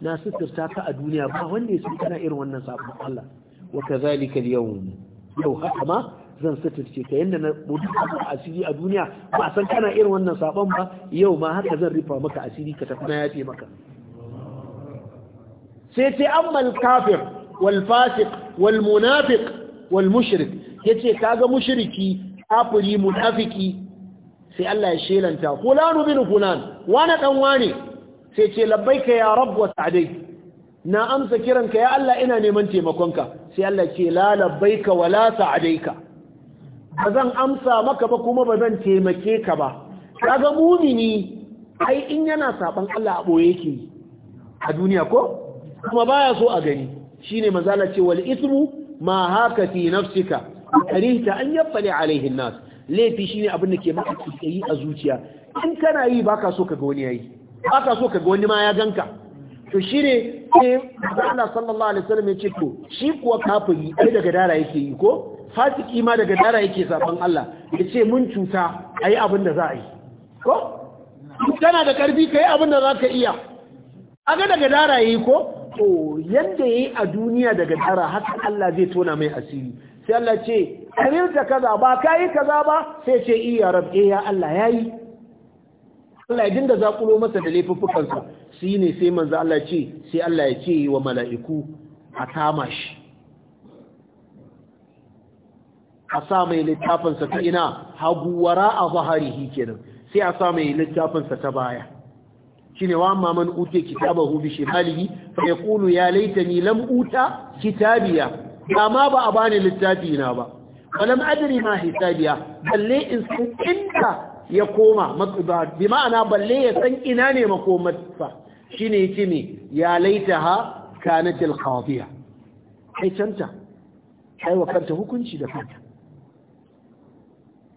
na suturta ka a duniya ba wanda ya san kana irin wannan sabon Allah wa ka al-yawm yau haka ma zan suturce ka yanda na mutu a asiri a duniya ba san kana irin wannan sabon ba yau ma haka zan rufa maka asiri ka tafi na yafe maka sai ce ammal kafir wal fasiq wal munafiq wal mushrik yace kaga mushriki kafiri munafiki sai Allah ya shelanta fulanu bin fulan wani dan wane sai ce labbaika ya rabb wa na amsa kiranka ya Allah ina neman taimakonka sai Allah ce la labbaika wa la Ba bazan amsa maka ba kuma bazan taimake ka ba kaga mumini ai in yana saban Allah a boye yake a duniya ko kuma baya so a gani shine manzala ce wal ismu ma haka fi nafsika karihta an yaffali alaihi nas laifi shine abin da ke maka tsayi a zuciya in kana yi baka so ka ga wani yayi baka so ka ga wani ma ya ganka to shine sai Allah sallallahu alaihi wasallam ya ce to shi kuwa kafiri ai daga dara yake yi ko fasiki ma daga dara yake saban Allah ya ce mun cuta ai abin da za a yi ko kana da karfi kai abin da za ka iya aga daga dara yayi ko to yadda yi a duniya daga dara haka Allah zai tona mai asiri sai Allah ce karirta kaza ba kai kaza ba sai ce iya eh, rabbi eh, ya Allah yayi Allah ya da zakulo masa da su yi ne sai manzo Allah ce sai Allah ya ce wa mala'iku a kama shi a sa mai littafinsa ta ina hagu a zaharihi kenan sai a sa mai littafinsa ta baya shine wa amma man utiya kitabahu bi shimalihi fa yaqulu ya laitani lam uta kitabiya amma ba a bani littafi na ba walam adri ma hisabiya balle in san inda ya koma maqda bi ma'ana balle ya san ina ne makomarsa shine yace ne ya laitaha kanat al kai canta kai wa hukunci da kanta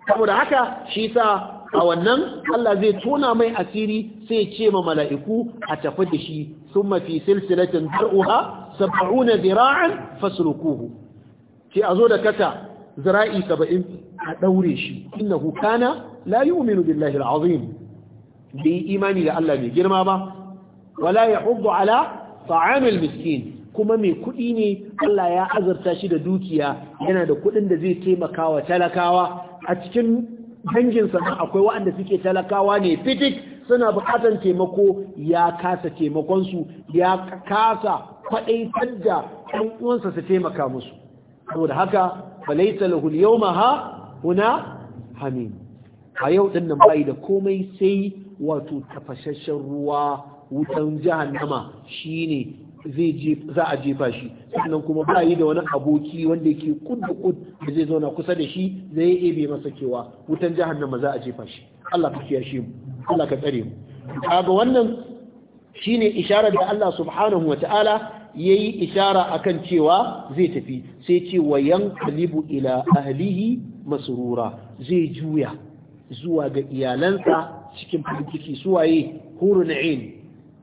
saboda haka shi sa a wannan Allah zai tona mai asiri sai ce ma mala'iku a tafi da shi sun mafi silsilatin har'uha saba'una zira'an fasrukuhu ce a zo da kata zira'i saba'in a ɗaure shi innahu kana la yu'minu billahi al'azim yi imani da Allah mai girma ba wala ya'uddu ala ta'amil miskin kuma mai kuɗi ne Allah ya azarta shi da dukiya yana da kuɗin da zai taimakawa talakawa a cikin Hanginsa ma akwai waɗanda suke talakawa ne fitik suna buƙatar taimako ya kasa taimakonsu ya kasa faɗaitar da ɗan uwansa su taimaka musu saboda haka falaita lahul yawma ha huna hamim a yau ɗin nan bai da komai sai wato tafashashen ruwa wutan jihar shi shine zai za a jefa shi sannan kuma ba yi da wani aboki wanda yake kudu kud da zai zauna kusa da shi zai ebe masa cewa wutan jahannama za a jefa shi Allah ka kiyashe mu Allah ka tsare mu kaga wannan shine isharar da Allah subhanahu wataala yayi ishara akan cewa zai tafi sai ce wa yanqalibu ila ahlihi masrura zai juya zuwa ga iyalansa cikin farin ciki suwaye hurun ain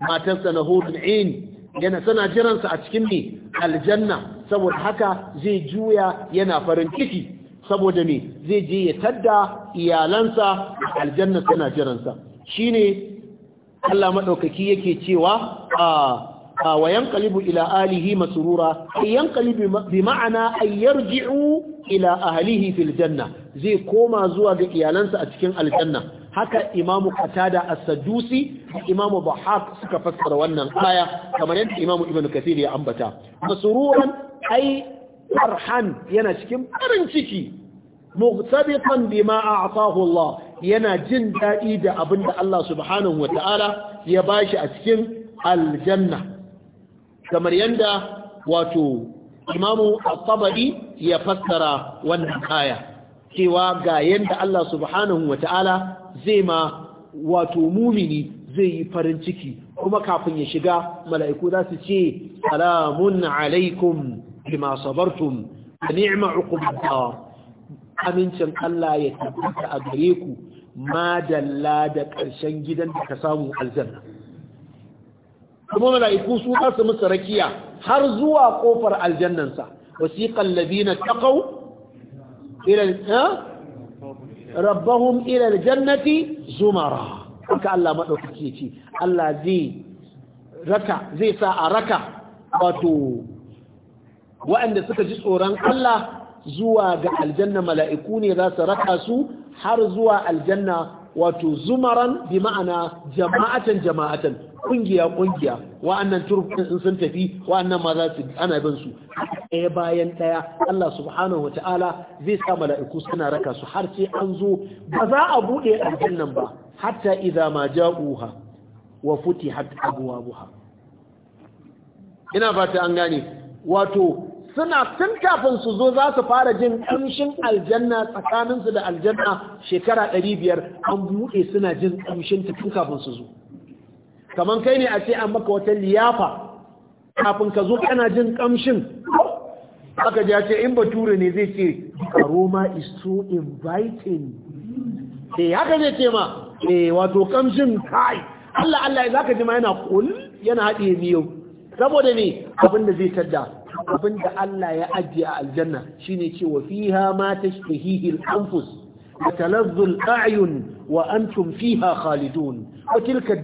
matarsa na hurun ain yana sana jiransa a cikin ne aljanna saboda haka zai juya yana farin ciki saboda me zai je ya tadda iyalansa aljanna na jiransa Shi ne Allah madaukaki yake cewa a wa yanqalibu ila alihi masrura yanqalibu bi ma'ana ay yarji'u ila ahlihi fil janna zai koma zuwa ga iyalansa a cikin aljanna haka imamu qatada as-sadusi imamu bahaq suka fassara wannan aya kamar yadda imamu ibnu kathir ya ambata masururan ai farhan yana cikin farin ciki mughtabitan bima a'tahu Allah yana jin dadi da abinda Allah subhanahu wataala ya bashi a cikin aljanna kamar yadda wato imamu at-tabari ya fassara wannan aya cewa ga yadda Allah subhanahu wa ta'ala zai ma wato mumini zai yi farin ciki kuma kafin ya shiga mala'iku za su ce salamun alaikum bima sabartum ni'ma uqubata amincin Allah ya tabbata a gare ku madalla da ƙarshen gidan da ka samu aljanna kuma mala'iku su ba su musu rakiya har zuwa ƙofar aljannansa wasiqal ladina taqaw ila rabbahum ila jannati zumara haka Allah madaukaki ce Allah zai raka zai sa a raka wato waɗanda suka ji tsoron Allah zuwa ga aljanna mala'iku ne za su raka su har zuwa aljanna wato zumaran bi ma'ana jama'atan jama'atan kungiya kungiya wa'annan turfin in sun tafi wa'annan ma za su ana bin su ɗaya bayan ɗaya Allah subhanahu wata'ala zai sa mala'iku suna raka su har sai an zo ba za a buɗe aljannan ba hatta idza ma ja'uha wa futihat abwabuha ina fata an gane wato suna tun kafin su zo za su fara jin ƙamshin aljanna tsakaninsu da aljanna shekara ɗari biyar an buɗe suna jin ƙamshin tun kafin su zo kamar kai ne a ce an maka wata liyafa kafin ka zo kana jin ƙamshin aka ji ce in bature ne zai ce aroma is so inviting eh haka zai ce ma eh wato ƙamshin kai Allah Allah zaka ji ma yana kul yana haɗe miyau saboda ne abinda da zai tadda abin da Allah ya ajiye a aljanna shine ce wa fiha ma tashtahihi al-anfus wa talazzu ayun wa antum fiha khalidun wa tilka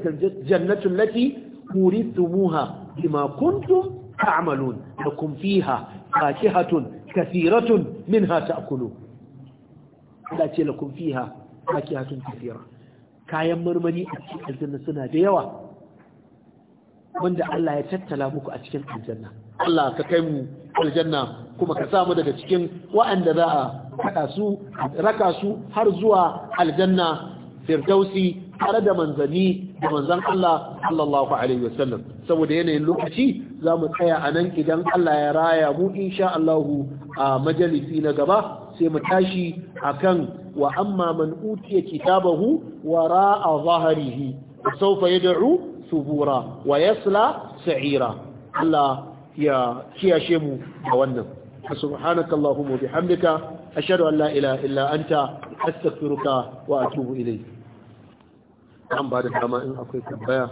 jannatu allati uridtumuha bima kuntum ta'malun lakum fiha fakihatun kathiratun minha ta'kulun da ce lakum fiha fakihatun kathira kayan marmari a cikin aljanna suna da yawa wanda Allah ya tattala muku a cikin aljanna Allah ka kai mu aljanna kuma ka samu daga cikin wa'anda za a haɗa su raka su har zuwa aljanna firdausi tare da manzanni da manzan Allah sallallahu alaihi wasallam saboda yanayin lokaci za mu tsaya a nan idan Allah ya raya mu insha Allah a majalisi na gaba sai mu tashi akan wa amma man utiya kitabahu wara'a zahrihi ya yad'u subura wa yasla sa'ira Allah ya kiyashe mu da wannan subhanaka allahumma bihamdika ashhadu an la ilaha illa anta astaghfiruka wa atubu ilayk an ba da dama in akwai tambaya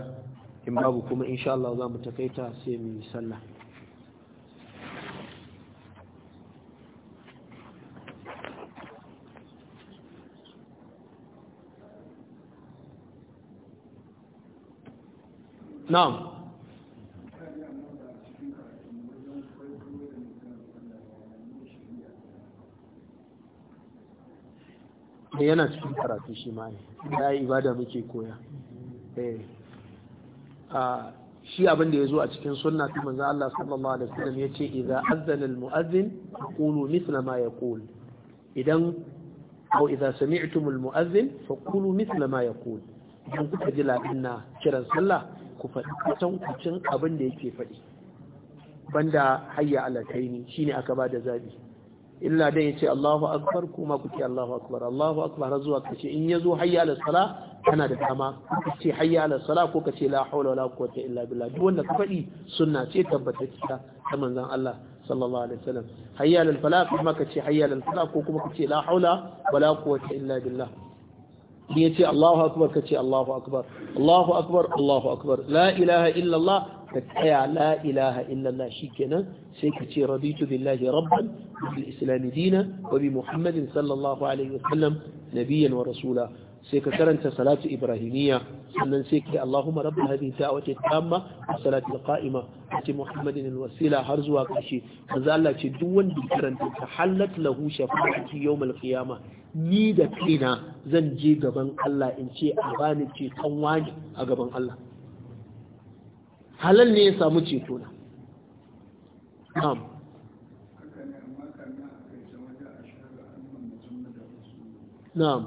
in babu kuma insha Allah za mu takaita sai mu yi sallah na'am eh, yana cikin karatu shi ma ne ya yi ibada muke koya eh. shi abin da ya zo a cikin sunna ta manzo Allah sallallahu alaihi wasallam yace idza azzana al mu'azzin qulu mithla ma yaqul idan ko idza sami'tum al mu'azzin faqulu mithla ma yaqul idan kuka ji labin na kiran sallah ku faɗi kwatankwacin abin da yake faɗi banda hayya shi ne aka ba da zaɓi. illa dai yace Allahu akbar kuma ku ce Allahu akbar Allahu akbar har zuwa kace in yazo hayya ala sala kana da dama kace hayya ala sala ko kace la haula wala quwwata illa billah duk wanda ka faɗi sunna ce tabbatacciya ta manzon Allah sallallahu alaihi wasallam hayya ala falah kuma kace hayya ala falah ko kuma kace la haula wala quwwata illa billah in ya ce Allahu akbar ka ce Allahu akbar Allahu akbar Allahu akbar la ilaha illallah ka tsaya la ilaha illallah shikenan sai ka ce raditu billahi rabban bil islam dinan wa bi muhammadin sallallahu alaihi wasallam nabiyyan wa rasula sai ka karanta salatu ibrahimiyya sannan sai ka Allahumma ta hadhihi da'wati tamma salatu qa'ima ati muhammadin wasila har zuwa kashi manzo Allah ce duk wanda ya karanta ta halat lahu shafa'ati yawm alqiyama ni da kaina zan je gaban Allah in ce a bani ce kan wani a gaban Allah halal ne ya samu ceto na na'am na'am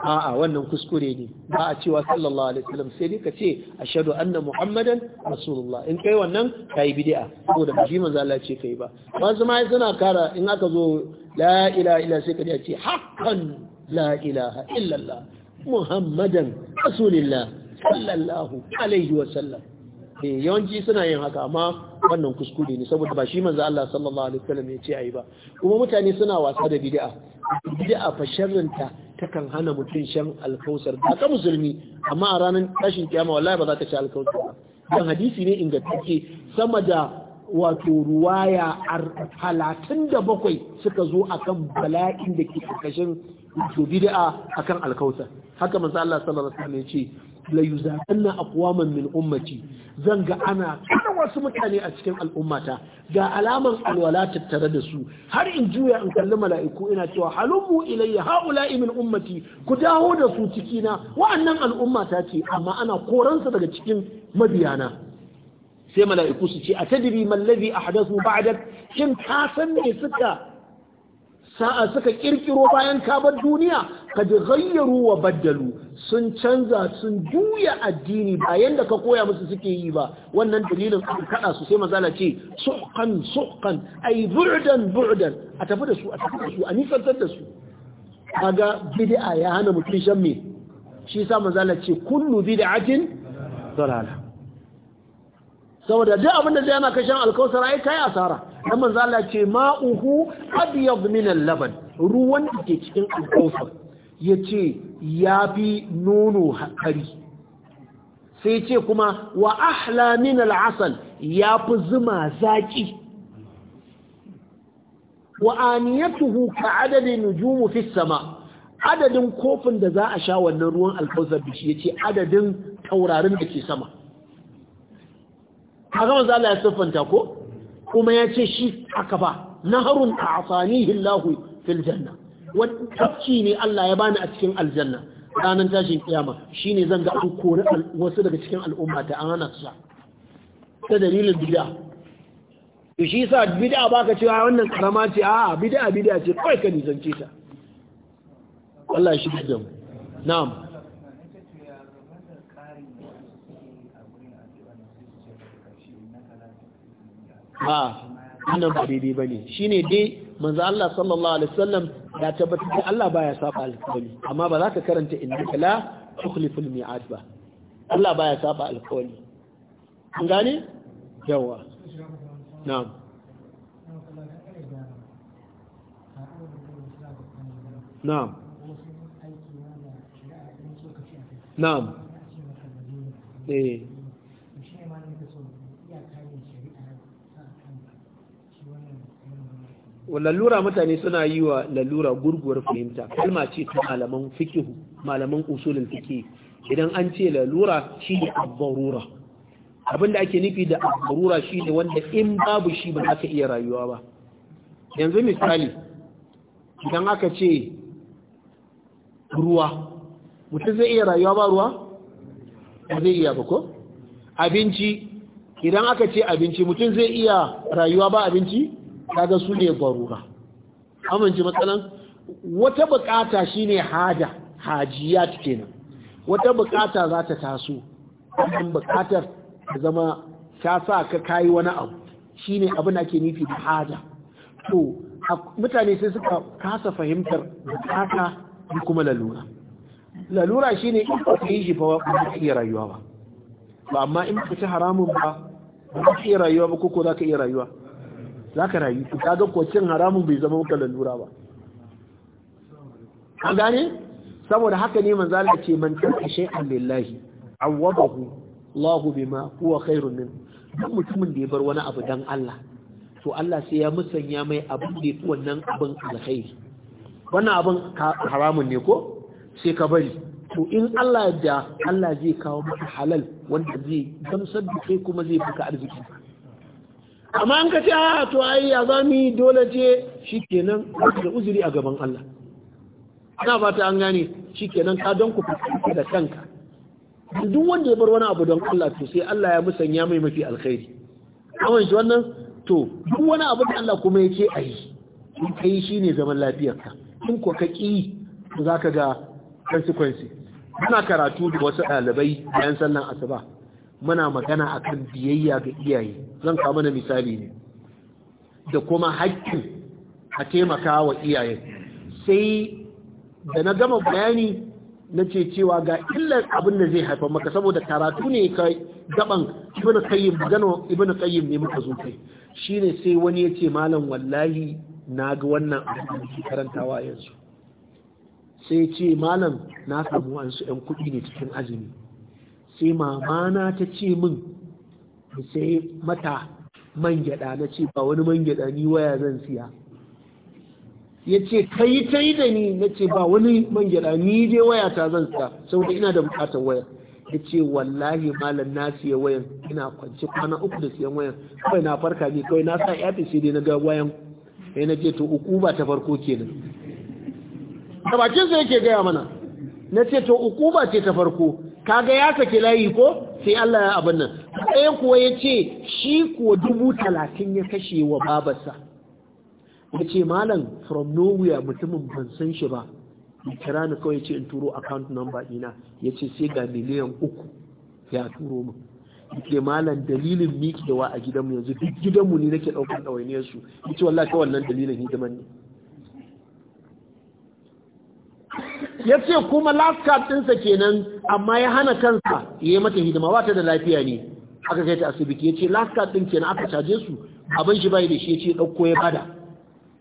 a'a wannan kuskure ne ba a cewa sallallahu alaihi wasallam sai dai ka ce ashhadu anna muhammadan rasulullah in kai wannan kai bid'a saboda ba shi manzo Allah ce kai ba wasu ma suna kara in aka zo la ilaha illa sai ka ce haqqan la ilaha illa Allah muhammadan rasulullah sallallahu alaihi wasallam eh yawanci suna yin haka amma wannan kuskure ne saboda ba shi manzo Allah sallallahu alaihi wasallam ya ce ai ba kuma mutane suna wasa da bid'a bid'a fa sharrinta takan hana mutum shan alkausar ba ka musulmi amma a ranar tashin kiyama wallahi ba za ka ci alkausar ba dan hadisi ne ingantacce sama da wato ruwaya talatin da bakwai suka zo akan bala'in da ke karkashin wato bid'a akan alkausar haka manzo Allah sallallahu alaihi wasallam ya ce la yuzakanna aqwaman min ummati zanga ana wasu mutane a cikin al'ummata ga alaman alwala tattare da su har in juya in kalli mala'iku ina cewa halummu ilayya hau min ummati ku dawo da su cikina wa'annan al'ummata ce amma ana koransa daga cikin mabiyana sai mala'iku su ce a tadiri a hadasu ba'dak shin ka san me suka sa'a suka kirkiro bayan kabar duniya kad ghayyaru wa baddalu sun canza sun juya addini ba yanda ka koya musu suke yi ba wannan dalilin an kada su sai mazala ce suqan suqan ay bu'dan bu'dan a tafi da su a tafi da su a nisantar da su kaga bid'a ya hana mutum shan me shi sa mazala ce kullu bid'atin dalala saboda duk abin da zai yana kashin alkausar ai kai asara kuma manzo ce ma'uhu abyad min al-laban ruwan da ke cikin al ce yace yafi nono hakari sai ce kuma wa ahla min al-asal yafi zuma zaki wa aniyatuhu adadin nujumu fi sama adadin kofin da za a sha wannan ruwan al-kawthar bishi yace adadin taurarin da ke sama kaga manzo Allah ya siffanta ko kuma ya ce shi aka ba harun a asanihi Allahu fil janna wani tafci ne Allah ya bani a cikin aljanna ranar tashin kiyama shine zan ga an kori wasu daga cikin al'umma ta an hana su ta dalilin bid'a to shi yasa bid'a ka cewa wannan karama ce a'a bid'a bid'a ce kai ka nisance ta Allah shi da mu na'am a wannan ba daidai ba ne shi ne dai manzo Allah sallallahu alaihi wasallam ya tabbatar da Allah baya saba alƙawari amma ba za ka karanta innaka kala tukhliful mi'ad ba Allah baya saba alƙawari an gane yawa na'am na'am na'am eh lallura mutane suna yi wa lallura gurguwar fahimta kalma ce ta malaman fikihu malaman usulin fiki idan an ce lalura shi ne abbarura abinda ake nufi da abbarura shi ne wanda in babu shi ba aka iya rayuwa ba yanzu misali idan aka ce ruwa mutum zai iya rayuwa ba ruwa zai iya ba ko abinci idan aka ce abinci mutum zai iya rayuwa ba abinci kaga su ne barura amince matsalan wata bukata shine hada hajiyat kenan wata bukata za ta taso wannan bukatar ta zama ta sa ka kayi wani abu shine abin da ake nufi da hada to mutane sai suka kasa fahimtar bukata da kuma lalura lalura shine in ba ka yi shi ba ba ka iya rayuwa ba ba amma in ka ci haramun ba ba za ka iya rayuwa ba ko za ka iya rayuwa za ka rayu kaga ko cin haramun bai zama maka lalura ba an gane saboda haka ne manzo Allah ce man tarka shay'an lillahi awwadahu Allah bima huwa khairun min duk mutumin da ya bar wani abu dan Allah to Allah sai ya musanya mai abin da yafi wannan abin alkhairi wannan abin haramun ne ko sai ka bari to in Allah da Allah zai kawo maka halal wanda zai gamsar da kai kuma zai baka arziki amma an ka ce a to ai ya zami dole je shikenan da uzuri a gaban Allah ana fata an gane shikenan ka don ku fita da kanka duk wanda ya bar wani abu don Allah to sai Allah ya musanya mai mafi alkhairi kawai shi wannan to duk wani abu da Allah kuma ya ce a yi in ka yi shine zaman lafiyar ka, in ko ka ƙi za ka ga consequences muna karatu da wasu ɗalibai bayan sallan asuba muna magana akan biyayya ga iyaye zan kawo mana misali ne da kuma haƙƙin a taimaka wa iyaye sai da na gama bayani na ce cewa ga illar abin da zai haifar maka saboda karatu ne ka gaban ibnu qayyim magana ibnu qayyim ne muka zo kai shine sai wani ya ce malam wallahi na ga wannan abin da karantawa yanzu sai ce malam na samu wa'ansu 'yan kuɗi ne cikin azumi sai mamana ta ce min sai mata man gyaɗa na ce ba wani man ni waya zan siya ya ce ka yi ta yi da ni na ce ba wani man gyaɗa ni dai waya ta zan siya saboda ina da bukatar waya ya ce wallahi malam na siya wayan ina kwanci kwana uku da siyan wayan kawai na farka ne kawai na sa fi sai dai na ga wayan sai na ce to uku ba ta farko kenan da sa yake gaya mana na ce to ukuba ce ta farko kaga ya sake layi ko sai Allah ya abin nan ɗayan kuwa ya ce shi kuwa dubu talatin ya kashe wa babarsa ya ce malam from nowhere mutumin ban san shi ba ya kira ni kawai ce in turo account number ina ya ce sai ga miliyan uku ya turo mu ke malam dalilin mikewa a gidanmu yanzu duk gidanmu ne nake ɗaukar ɗawainiyarsu ya ce wallahi wannan dalilin hidiman ne ya ce kuma last ɗinsa kenan amma ya hana kansa ya yi mata hidima ba da lafiya ne aka kai ta asibiti ya ce last ɗin kenan aka caje su abin shi bai da shi ya ce ɗauko ya bada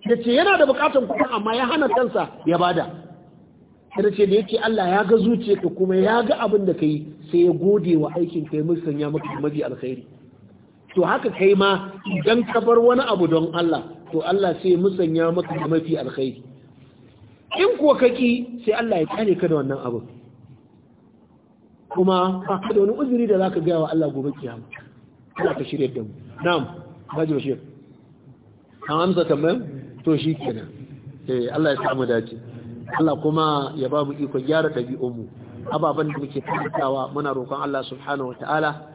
ya ce yana da bukatan kuma amma ya hana kansa ya bada ya ce da ya ce Allah ya ga ka kuma ya ga abin da ka yi sai ya gode wa aikin kai musan ya maka mafi alkhairi to haka kai ma idan ka bar wani abu don Allah to Allah sai musanya maka mafi alkhairi in kuwa kaki sai Allah ya kare ka da wannan abu kuma ba da wani uzuri da za ka gaya wa Allah gobe kiyama Allah ka shirya da mu na'am baji bashir an amsa tambayar to shi kenan eh Allah ya samu dace Allah kuma ya ba mu iko gyara ɗabi'unmu ababen da muke karantawa muna roƙon Allah subhanahu wataala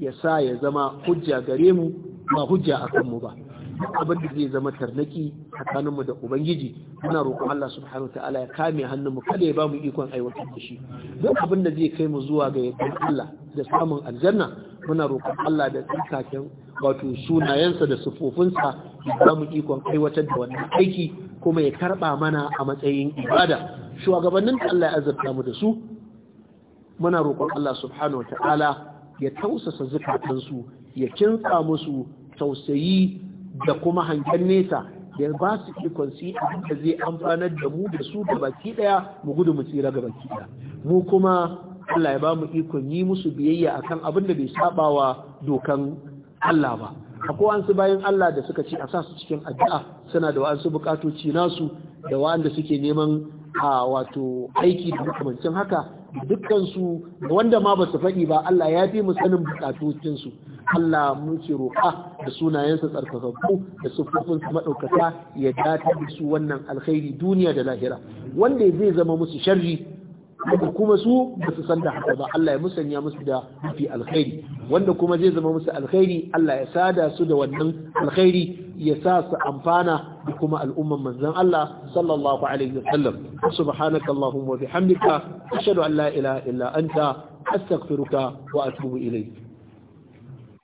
ya sa ya zama hujja gare mu ba hujja akan mu ba duk abin da zai zama tarnaki tsakaninmu da ubangiji muna roƙon Allah subhanahu ta'ala ya kame hannunmu kada ya ba mu ikon aiwatar da shi duk abin da zai kai mu zuwa ga yadda Allah da samun aljanna muna roƙon Allah da tsarkaken wato sunayensa da sufofinsa ya ba mu ikon aiwatar da wannan aiki kuma ya karɓa mana a matsayin ibada shugabannin da Allah ya azabta mu da su muna roƙon Allah subhanahu ta'ala ya tausasa zukatansu ya kinsa musu tausayi da kuma hangen nesa da ba su ikon si abin da zai amfanar da mu da su da baki daya mu gudu mu tsira ga baki daya mu kuma Allah ya ba mu ikon yi musu biyayya akan abin da bai saba wa dokan Allah ba akwai wasu bayan Allah da suka ce a sa su cikin addu'a suna da wa'ansu bukatoci nasu da wa'anda suke neman a wato aiki da makamancin haka dukkansu wanda ma ba su faɗi ba Allah ya fi mu sanin bukatocinsu Allah muke roƙa da sunayensa tsarkakakku da sufufin su maɗaukata ya dace da su wannan alkhairi duniya da lahira wanda zai zama musu sharri wanda kuma su ba su san da haka ba Allah ya musanya musu da mafi alkhairi wanda kuma zai zama musu alkhairi Allah ya sada su da wannan alkhairi ya sa su amfana da kuma al'umman manzon Allah sallallahu alaihi wasallam subhanaka allahumma wa bihamdika ashhadu an la ilaha illa anta astaghfiruka wa atubu ilayk